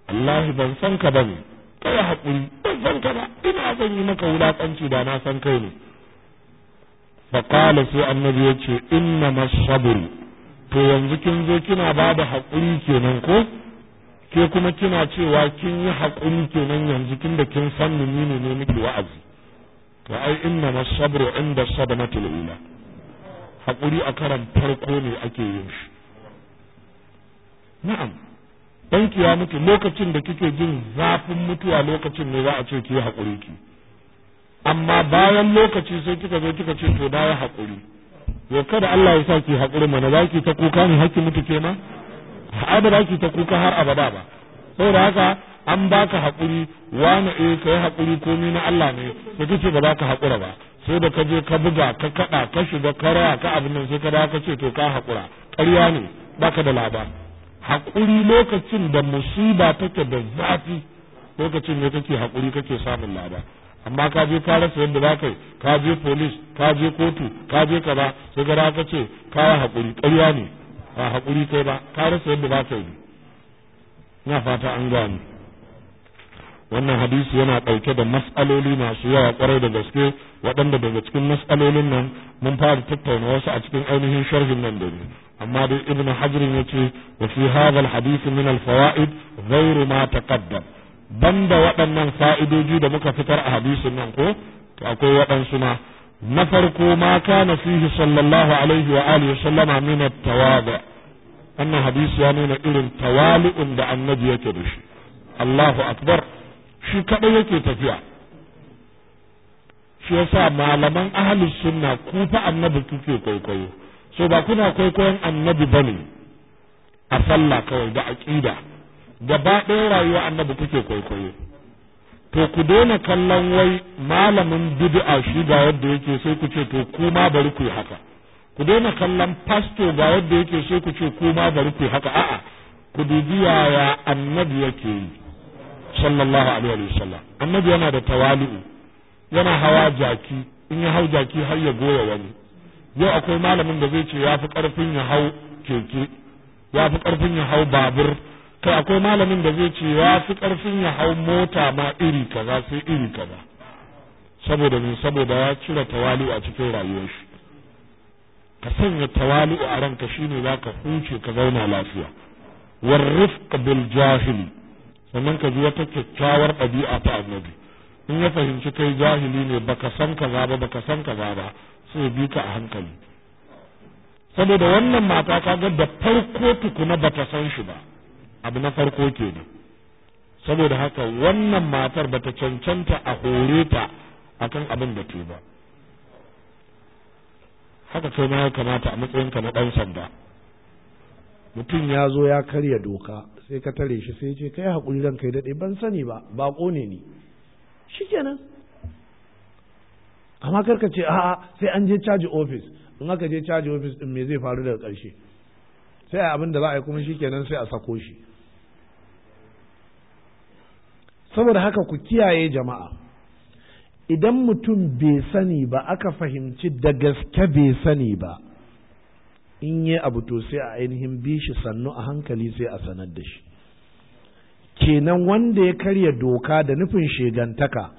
wallahi ban san ka bane kai hakuri ban san ka ba ina zan yi maka wulakanci da na san kai ne fa qala sai annabi yace inna masabru to yanzu kin zo kina ba da haƙuri kenan ko ke kuma kina cewa kin yi haƙuri kenan yanzu kin da kin san ni ne miki wa'azi to ai inna masabru inda sadamatul ula haƙuri a karan farko ne ake yin shi na'am dan ya mutu lokacin da kike jin zafin mutuwa lokacin ne za a ce ki haƙuri ki amma bayan lokaci sai kika zo kika ce to da ya haƙuri wa kada Allah ya saki haƙuri mana za ki ta kuka ne hakki mutu ke ma ai ba za ki ta kuka har abada ba saboda haka an baka haƙuri wani eh kai haƙuri komai na Allah ne sai kace ba za ka haƙura ba sai da ka je ka buga ka kada ka shiga ka raya ka abin nan sai ka da ka ce to ka haƙura ƙarya ne baka da laba haƙuri lokacin da musiba take da zafi lokacin ne kake haƙuri kake samun laba amma ka je ka rasa yadda za ka yi ka je polis ka je kotu ka je kaza sai gara ka ce ka yi haƙuri ƙarya ne ba haƙuri kai ba ka rasa yadda za ka yi ina fata an gane wannan hadisi yana ɗauke da matsaloli masu yawa ƙwarai da gaske waɗanda daga cikin matsalolin nan mun fara tattauna wasu a cikin ainihin sharhin nan da ne amma dai ibnu hajar ya ce wa fi hadha al hadith min al fawaid ghayru ma banda waɗannan fa'idoji da muka fitar a hadisin nan ko to akwai waɗansu ma na farko ma kana fihi sallallahu alaihi wa alihi sallama min at-tawadu wannan hadisi ya nuna irin tawali'un da annabi yake da shi Allahu akbar shi kadai yake tafiya shi yasa malaman ahlus sunna ku fa annabi kuke kwaikwayo so ba kuna kwaikwayon annabi bane a sallah kawai da aqida gaba ɗaya rayuwa annabi kuke kwaikwayo to ku daina kallon wai malamin bid'a shi ga yadda yake sai ku ce to ma bari ku yi haka ku daina kallon pasto ga yadda yake sai ku ce ma bari ku yi haka a'a ku dubi yaya annabi yake yi sallallahu alaihi wa sallam annabi yana da tawali'u yana hawa jaki in ya hau jaki har ya goya wani yau akwai malamin da zai ce ya fi ƙarfin ya hau keke ya fi ƙarfin ya hau babur to akwai malamin da zai ce ya fi ƙarfin ya hau mota ma iri kaza sai iri kaza saboda me saboda ya cire tawali a cikin rayuwar shi ka sanya tawali a ranka shine za ka huce ka zauna lafiya warrifq bil jahili sannan ka ji wata kyakkyawar ɗabi'a ta annabi in ya fahimci kai jahili ne baka san kaza ba baka san kaza ba sai bi ka a hankali saboda wannan mata ka ga da farko tukuna bata san shi ba abu na farko ke ne saboda haka wannan matar bata cancanta a hore ta kan abin da ke ba haka kai ma ya kamata a matsayinka na ɗan sanda mutum ya zo ya karya doka sai ka tare shi sai ce kai haƙuri ranka yi daɗe ban sani ba baƙo ne ni shikenan amma karka ce a'a sai an je caji ofis in aka je caji ofis ɗin me zai faru daga ƙarshe sai abin da za a yi kuma shi shikenan sai a sako shi saboda haka ku kiyaye jama'a idan mutum bai sani ba aka fahimci da gaske bai sani ba in yi abu to sai a ainihin bi shi sannu a hankali sai a sanar da shi kenan wanda ya karya doka da nufin shegantaka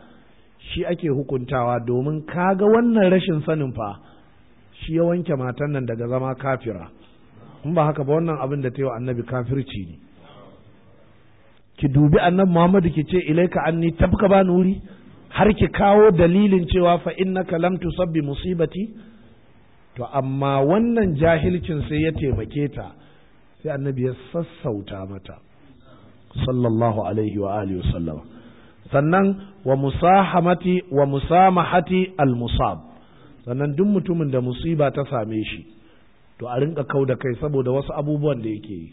shi ake hukuntawa domin kaga wannan rashin sanin fa shi ya wanke matan nan daga zama kafira in ba haka ba wannan abin da ta yi wa annabi kafirci ne ki dubi annabi Muhammadu ki ce ilaika anni tabka bani wuri har ki kawo dalilin cewa fa innaka lam tusabbi musibati to amma wannan jahilcin sai ya taimake ta sai annabi ya sassauta mata sallallahu alaihi wa alihi wa sallam sannan wa musahamati wa musamahati al musab sannan duk mutumin da musiba ta same shi to a rinka kau da kai saboda wasu abubuwan da yake yi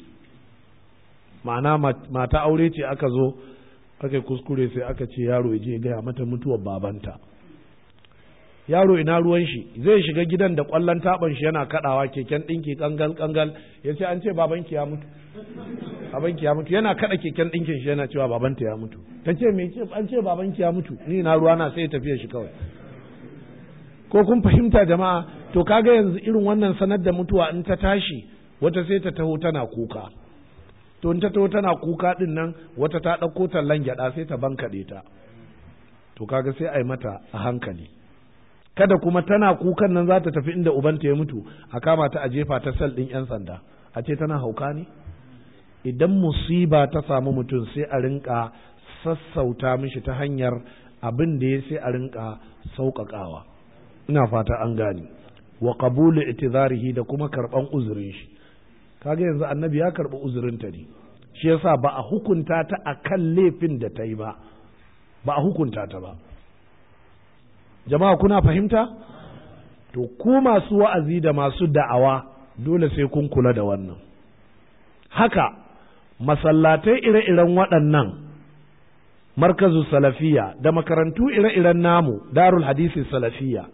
ma'ana mata aure ce aka zo aka kuskure sai aka ce yaro ya je gaya mata mutuwar babanta yaro ina ruwan shi zai shiga gidan da kwallon taban shi yana kadawa keken dinki kangal kangal ya ce an ce babanki ya mutu babanki ya mutu yana kada keken dinkin shi yana cewa babanta ya mutu ta ce me ce an ce babanki ya mutu ni na ruwa na sai ya tafiya shi kawai ko kun fahimta jama'a to kaga yanzu irin wannan sanar da mutuwa in ta tashi wata sai ta taho tana kuka to ta to tana kuka din nan wata ta ɗauko tallan gyaɗa sai ta bankaɗe ta to kaga sai a yi mata a hankali kada kuma tana kukan nan za ta tafi inda ubanta ya mutu a kama ta a jefa ta sal ɗin 'yan sanda a ce tana hauka ne idan musiba ta samu mutum sai a rinka sassauta mishi ta hanyar abin da ya sai a rinka sauƙaƙawa ina fata an gane wa qabulu itizarihi da kuma karɓan uzurin shi kaga yanzu annabi ya karɓi uzurinta ne shi yasa ba a hukunta ta a kan laifin da ta yi ba ba a hukunta ta ba jama'a kuna fahimta to ku masu wa'azi da masu da'awa dole sai kun kula da wannan haka masallatai ire-iren waɗannan markazu salafiya da makarantu ire-iren namu darul hadisi salafiya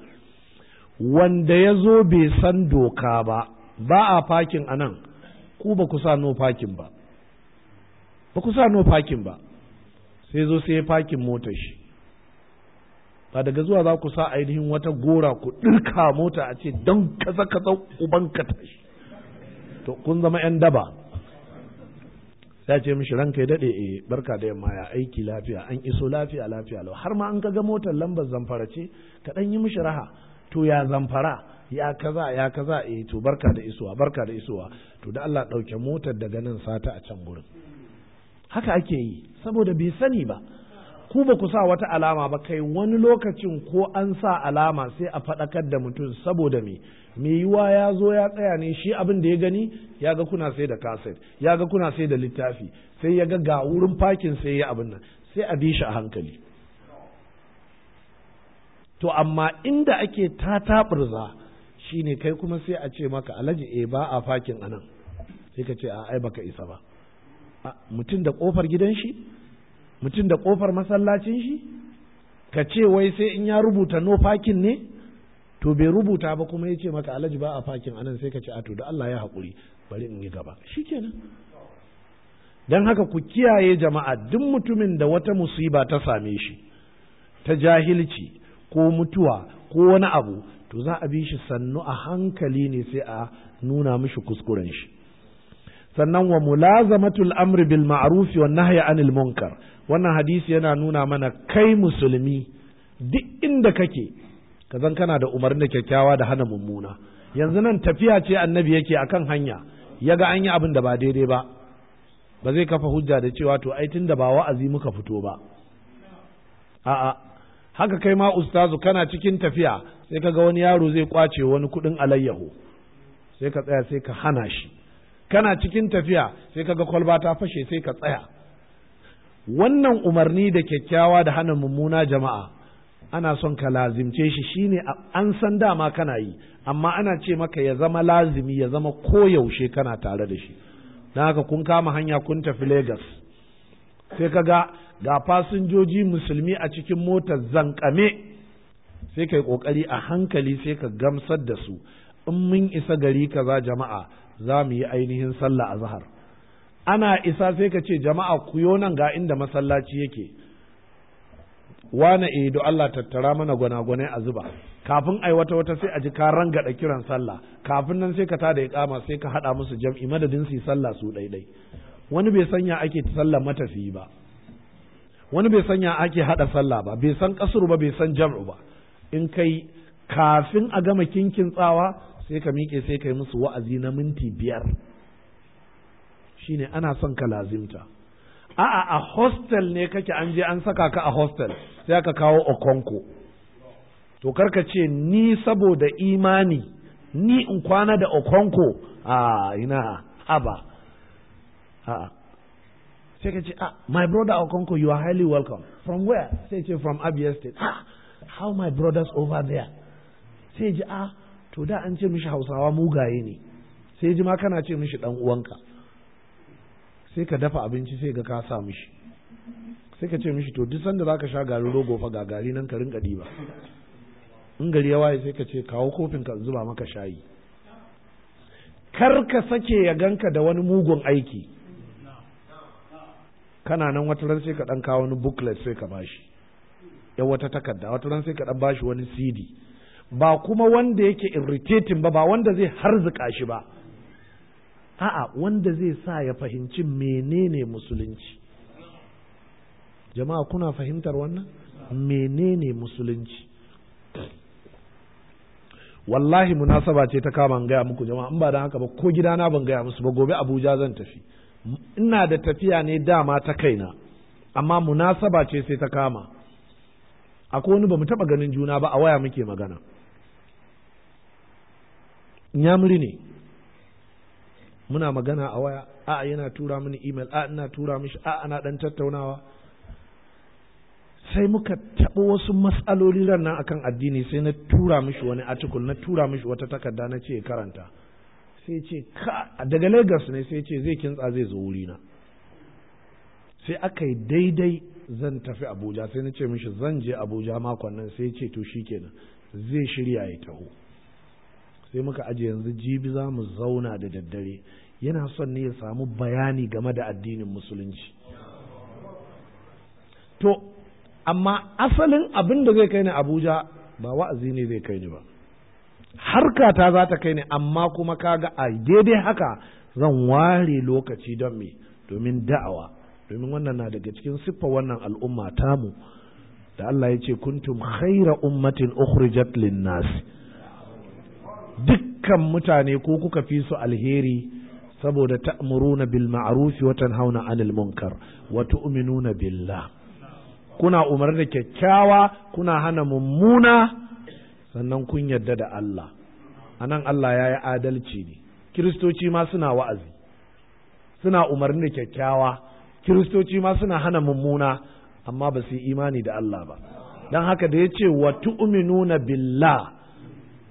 wanda ya zo bai san doka ba ba a fakin anan ku ba ku sa no fakin ba ba ku sa no fakin ba sai zo sai fakin motar shi ba daga zuwa za ku sa ainihin wata gora ku dirka mota a ce don kaza kaza uban ka tashi to kun zama yan daba sai ce mishi ranka ya daɗe eh barka da yamma ya aiki lafiya an iso lafiya lafiya lau har ma an ga motar lambar zamfara ce ka dan yi mishi raha to ya zamfara ya kaza ya kaza eh to barka da isuwa barka da isowa to da Allah ɗauke motar daga nan sata a can gurin haka ake yi saboda bai sani ba ku ba ku sa wata alama ba kai wani lokacin ko an sa alama sai a faɗakar da mutum saboda me me yiwa ya zo ya tsaya ne shi abin da ya gani ya ga kuna sai da kaset ya ga kuna sai da littafi sai ya ga ga wurin fakin sai ya abin nan sai a bi shi a hankali to amma inda ake ta taɓurza ne kai kuma sai a ce maka alhaji eh ba a fakin anan sai ka ce a ai baka isa ba mutum da kofar gidan shi mutum da kofar masallacin shi ka ce wai sai in ya rubuta no fakin ne to bai rubuta ba kuma ya ce maka alhaji ba a fakin anan sai ka ce a to da Allah ya haƙuri bari in yi gaba shikenan don haka ku kiyaye jama'a duk mutumin da wata musiba ta same shi ta jahilci ko mutuwa ko wani abu to za a bi shi sannu a hankali ne sai a nuna mishi kuskuren shi sannan wa mulazamatul amri bil ma'ruf wa nahyi anil munkar wannan hadisi yana nuna mana kai musulmi duk inda kake ka zan kana da umarni kyakkyawa da hana mummuna yanzu nan tafiya ce annabi yake akan hanya Yaga ga an yi abin da ba daidai ba ba zai kafa hujja da cewa to ai tun da ba wa'azi muka fito ba a'a haka kai ma ustazu kana cikin tafiya sai ka ga wani yaro zai kwace wani kuɗin alayyahu sai ka tsaya sai ka hana shi kana cikin tafiya sai ka ga kwalba ta fashe sai ka tsaya wannan umarni da kyakkyawa da hana mummuna jama'a ana son ka lazimce shi shine an san dama kana yi amma ana ce maka ya zama lazimi ya zama koyaushe kana tare da shi don haka kun kama hanya kun tafi Legas sai ka ga ga fasinjoji musulmi a cikin motar zankame sai ka yi ƙoƙari a hankali sai ka gamsar da su in mun isa gari kaza jama'a za mu yi ainihin sallah a zahar ana isa sai ka ce jama'a ku nan ga inda masallaci yake wane eh do Allah tattara mana gwanagwanai a zuba kafin ai wata wata sai a ji ka rangada kiran sallah kafin nan sai ka tada kama sai ka hada musu jam'i madadin su sallah su daidai wani bai sanya ake sallar matafi ba wani bai sanya ake hada sallah ba bai san kasuru ba bai san jam'u ba in kai kafin a gama kinkin tsawa sai ka miƙe sai ka yi musu wa'azi na minti biyar shine ana son ka lazimta a'a a hostel ne kake an je an saka ka a hostel sai aka kawo okonko to karka ce ni saboda imani ni in kwana da okonko a ina haba a'a sai ka ce ah my brother okonko you are highly welcome from where sai ce from abia state ah how my brothers over there sai ji ah to da an ce mishi hausawa mugaye ne sai ji ma kana ce mishi dan uwanka sai ka dafa abinci sai ga ka sa mishi sai ka ce mishi to duk sanda za ka sha garin rogo fa ga gari nan ka rinka diba in gari ya waye sai ka ce kawo kofin ka zuba maka shayi kar ka sake ya ganka da wani mugun aiki kana nan wata ran sai ka dan kawo wani booklet sai ka bashi yan wata takarda wata ran sai ka dan bashi wani CD ba kuma wanda yake irritating ba ba wanda zai harzuka shi ba a'a wanda zai sa ya fahimci menene musulunci jama'a kuna fahimtar wannan menene musulunci wallahi munasaba ce ta kama gaya muku jama'a in ba dan haka ba ko gidana ban gaya musu ba gobe Abuja zan tafi ina da tafiya ne dama ta kaina amma munasaba ce sai ta kama akwai wani ba mu taɓa ganin juna ba a waya muke magana nyamuri ne muna magana a waya a yana tura mini email a ina tura mishi a ana dan tattaunawa sai muka taɓa wasu matsaloli nan akan addini sai na tura mishi wani atikul na tura mishi wata takarda na ce karanta sai ce ka daga Lagos ne sai ce zai kintsa zai zo wurina sai aka yi daidai zan tafi Abuja sai na ce mishi zan je Abuja makon nan sai ce to shi kenan, zai shirya ya taho sai muka aje yanzu jibi za mu zauna da daddare yana son ne ya samu bayani game da addinin musulunci to amma asalin abin da zai kai ni Abuja ba wa'azi ne zai kai ni ba harka ta za ta kai ne amma kuma kaga a daidai haka zan ware lokaci don me domin da'awa domin wannan na daga cikin siffa wannan al'umma tamu da Allah ya ce kuntum khaira ummatin ukhrijat lin-nas dukkan mutane ko kuka fi su alheri saboda ta'muruna bil ma'ruf wa tanhauna 'anil munkar wa tu'minuna billah kuna umar da kyakkyawa kuna hana mummuna sannan kun yarda da Allah A nan Allah ya yi adalci ne kiristoci ma suna wa'azi suna umarni da kyakkyawa kiristoci ma suna hana mummuna amma ba su yi imani da Allah ba don haka da ya ce wa nuna billah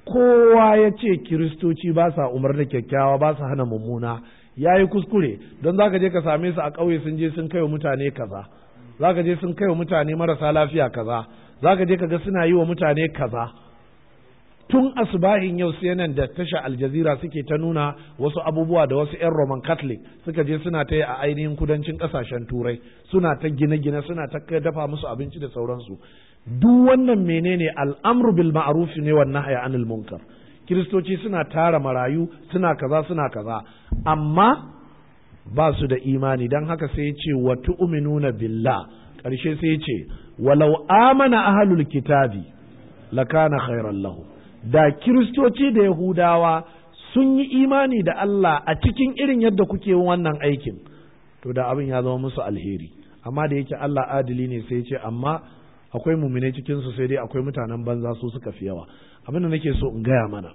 kowa ya ce kiristoci ba sa umarni kyakkyawa ba sa hana mummuna ya yi kuskure don za ka je ka same su a ƙauye sun je sun kai wa mutane kaza za ka je sun kai wa mutane marasa lafiya kaza za ka je ka ga suna yi wa mutane kaza tun asubahin yau CNN da tasha aljazira suke ta nuna wasu abubuwa da wasu 'yan roman catholic suka je suna ta yi a ainihin kudancin kasashen turai suna ta gine-gine suna ta dafa musu abinci da sauransu duk wannan menene al'amru bil ma'ruf ne wannan haya anil munkar kiristoci suna tara marayu suna kaza suna kaza amma ba su da imani don haka sai ya ce wa tu'minuna billah karshe sai ya ce walau amana ahlul kitabi lakana khairan lahu da kiristoci da yahudawa sun yi imani da Allah a cikin irin yadda kuke wannan aikin to da abin ya zama musu alheri amma da yake Allah adili ne sai ce amma akwai mumine cikin su sai dai akwai mutanen banza su suka fi yawa abin da nake so in gaya mana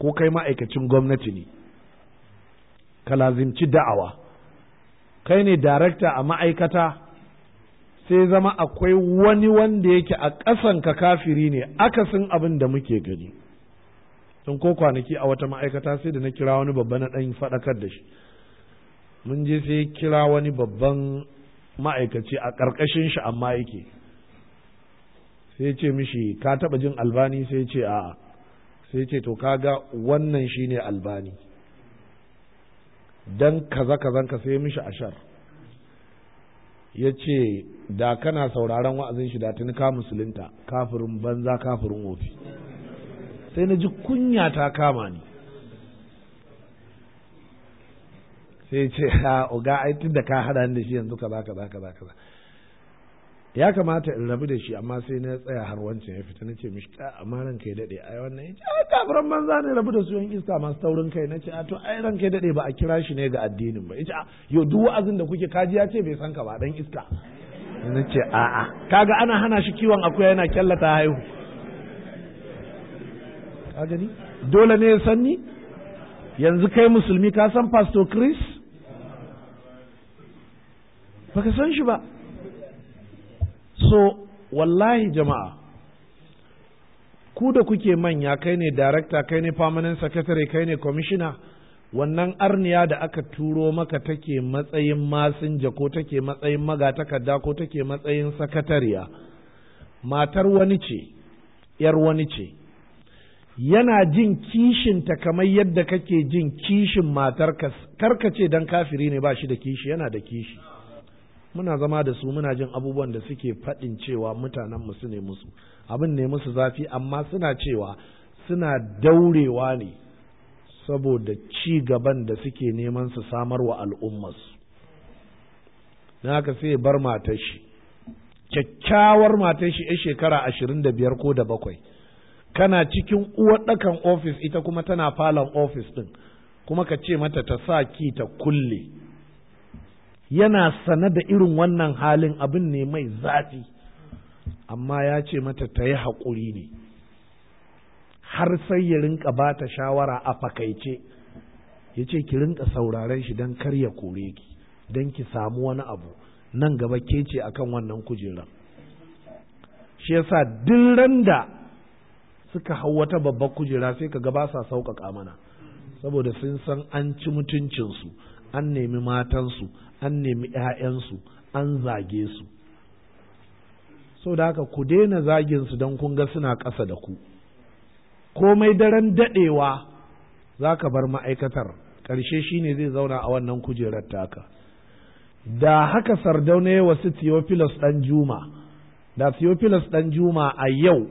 ko kai ma'aikacin gwamnati ne ka lazimci da'awa kai ne darakta a ma'aikata sai zama akwai wani wanda yake a ƙasan ka kafiri ne akasin abin da muke gani sun ko kwanaki a wata ma'aikata sai da na kira wani babba na ɗan faɗakar da shi mun je sai kira wani babban ma'aikaci a ƙarƙashin shi amma yake sai ce mishi ka taɓa jin albani sai ce a'a sai ce to kaga wannan shine albani dan kaza kazan ka sai mishi ashar ya ce da kana sauraron wa'azin shi da tuni ka musulunta kafirin banza kafirin wofi sai na ji kunya ta kama ni sai ce ha oga ai da ka hada ni da shi yanzu kaza kaza kaza ya kamata in rabu da shi amma sai na tsaya har wancan ya fita na ce mishi ka amma ran kai dade ai wannan yace ai kafiran banza ne rabu da su yan iska masu taurin kai na ce a to ai ran kai dade ba a kira shi ne ga addinin ba ce a yo duk wa'azin da kuke kaji ya ce bai san ka ba dan iska na ce a a kaga ana hana shi kiwon akuya yana kyallata haihu ka gani dole ne ya san ni yanzu kai musulmi ka san pastor chris baka san shi ba so wallahi jama'a ku da kuke manya kai ne darakta kai ne permanent secretary kai ne commissioner wannan arniya da aka turo maka take matsayin masinja ko take matsayin magatakarda ko take matsayin sakatariya matar wani ce ‘yar wani ce yana jin kishinta kamar yadda kake jin kishin matar ka ce dan kafiri ne ba shi da kishi yana da kishi muna zama da su muna jin abubuwan da suke faɗin cewa mutanen musu su ne musu abin ne musu zafi amma suna cewa suna daurewa ne saboda ci gaban da suke neman su samar wa al'ummarsu na haka sai bar matar shi kyakkyawar matar shi ya shekara ashirin da biyar ko da bakwai kana cikin ɗakan ofis ita kuma tana falon ofis ɗin kuma ka ce mata ta sa ki ta kulle yana sane da irin wannan halin abin ne mai zafi amma ya ce mata ta yi haƙuri ne har sai ya rinka ba ta shawara a fakaice ya ce ki rinka sauraren shi don kar ya kore ki don ki samu wani abu nan gaba ke ce akan wannan kujerar shi yasa duk da suka hau wata babbar kujera sai ka ga sa sauƙaƙa mana saboda sun san an ci mutuncinsu an nemi matansu an nemi 'ya'yansu an zage su Sau da haka ku daina zaginsu don kun ga suna ƙasa da ku komai daren daɗewa za ka bar ma'aikatar ƙarshe shi ne zai zauna a wannan kujerar taka da haka sardauna ya wasu theophilus ɗan juma da theophilus ɗan juma a yau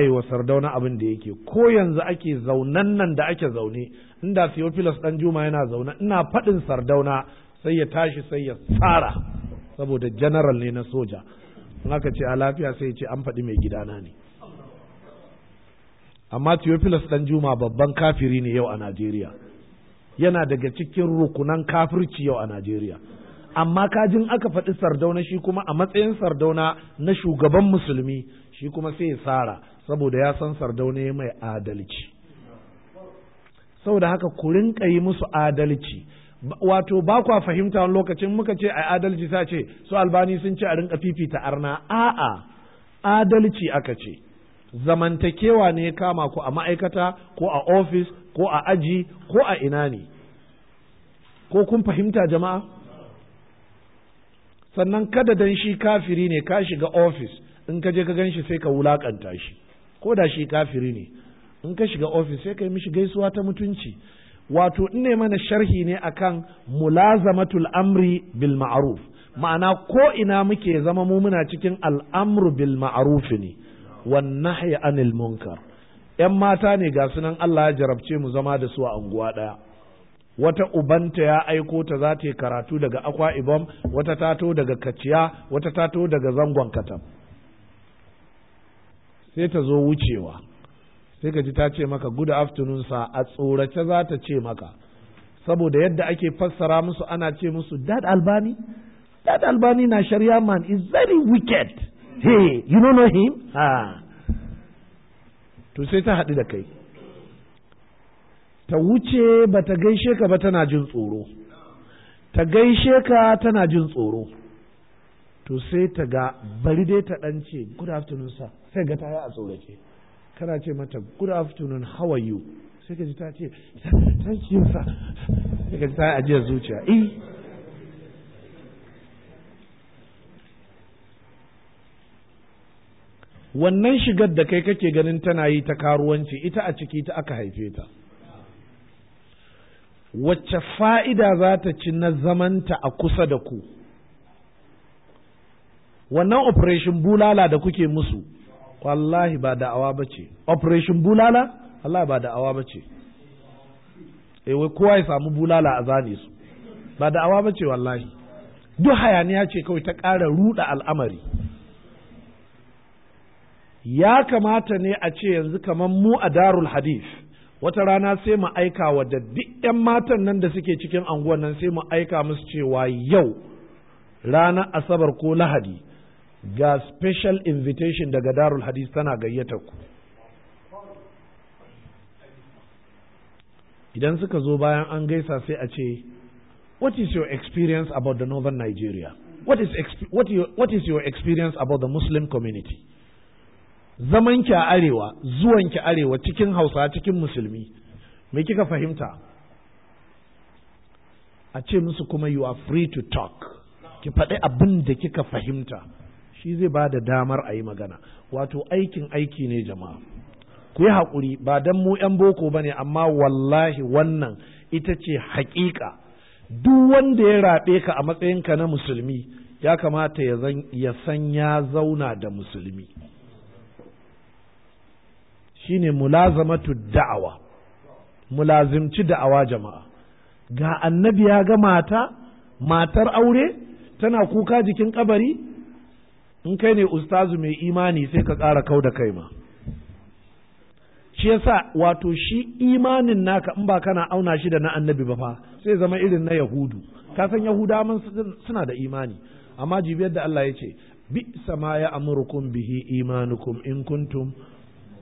yi wa sardauna abin da yake ko yanzu ake zaunan nan da ake zaune inda Theophilus dan Juma yana zauna ina faɗin sardauna sai ya tashi sai ya tsara saboda general ne na soja in aka ce a lafiya sai ya ce an faɗi mai gidana ne amma Theophilus dan Juma babban kafiri ne yau a Najeriya yana daga cikin rukunan kafirci yau a Najeriya amma kajin aka faɗi sardauna shi kuma a matsayin sardauna na shugaban musulmi shi kuma sai ya tsara saboda ya san sardauna mai adalci saboda haka ku rinka yi musu adalci wato ba kwa fahimta wani lokacin muka ce a adalci sa ce su albani sun ce a rinka fifita arna a'a adalci aka ce zamantakewa ne ya kama ku a ma'aikata ko a ofis ko a aji ko a ina ne ko kun fahimta jama'a sannan kada dan shi kafiri ne ka shiga ofis in ka je ka gan shi sai ka wulakanta shi ko da shi kafiri ne in ka shiga ofis sai ka yi mishi gaisuwa ta mutunci wato in ne mana sharhi ne akan mulazamatul amri bil ma'ruf ma'ana ko ina muke zama mu muna cikin al'amru bil ma'ruf ne wan nahyi anil munkar yan mata ne ga sunan Allah ya jarabce mu zama da su a unguwa daya wata ubanta ya aiko ta za ta yi karatu daga akwa ibom wata tato daga kaciya wata tato daga zangon katam sai ta zo wucewa sai ka ji ta ce maka good afternoon sa a tsorace za ta ce maka saboda yadda ake fassara musu ana ce musu dad albani dad albani na shari'a man is very wicked hey you don't know him ha to sai ta haɗu da kai ta wuce ba ta gaishe ka ba tana jin tsoro ta gaishe ka tana jin tsoro to sai ta ga bari dai ta ɗan ce good afternoon sa sai ga ta yi a tsorace tana ce mata good afternoon how are you sai ka ji ta ce thank you sir sai ka ji ta ajiyar zuciya eh wannan shigar da kai kake ganin tana yi ta karuwanci ita a ciki ta aka haife ta wacce fa'ida za ta ci na zamanta a kusa da ku wannan operation bulala da kuke musu wallahi ba da'awa ba ce operation bulala wallahi ba da'awa ba ce eh, wai kowa ya samu bulala a zane su ba da'awa ba ce wallahi duk hayaniya ce kawai ta ƙara ruɗa al'amari ya kamata ne a ce yanzu kamar mu a darul hadith wata rana sai mu aika wa da duk 'yan matan nan da suke cikin anguwan nan sai mu aika musu cewa yau ranar asabar ko lahadi ga special invitation daga darul hadis tana gayyata ku idan suka zo bayan an gaisa sai a ce what is your experience about the northern nigeria what is, what, your, what is your experience about the muslim community zamanki a arewa zuwanki arewa cikin hausa cikin musulmi me kika fahimta a ce musu kuma you are free to talk ki faɗi abin da kika fahimta shi zai ba da damar a yi magana wato aikin aiki ne jama'a ku yi haƙuri ba don mu 'yan boko ba ne amma wallahi wannan ita ce haƙiƙa duk wanda ya raɓe ka a matsayinka na musulmi ya kamata ya san ya zauna da musulmi Shi shine mulazamatu da'awa mulazimci da'awa jama'a ga annabi ya ga mata matar aure tana kuka jikin kabari in kai ne ustazu mai imani sai ka ƙara kau da kai ma shi yasa wato shi imanin naka in ba kana auna shi da na annabi ba fa sai zama irin na yahudu ka san mun suna da imani amma jibiyar da Allah ya ce bi sama ya amurkum bihi imanukum in kuntum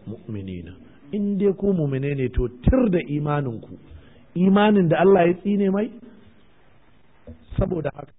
mu'minina in dai ku mu'mine ne to tir da imanin ku imanin da Allah ya tsine mai saboda haka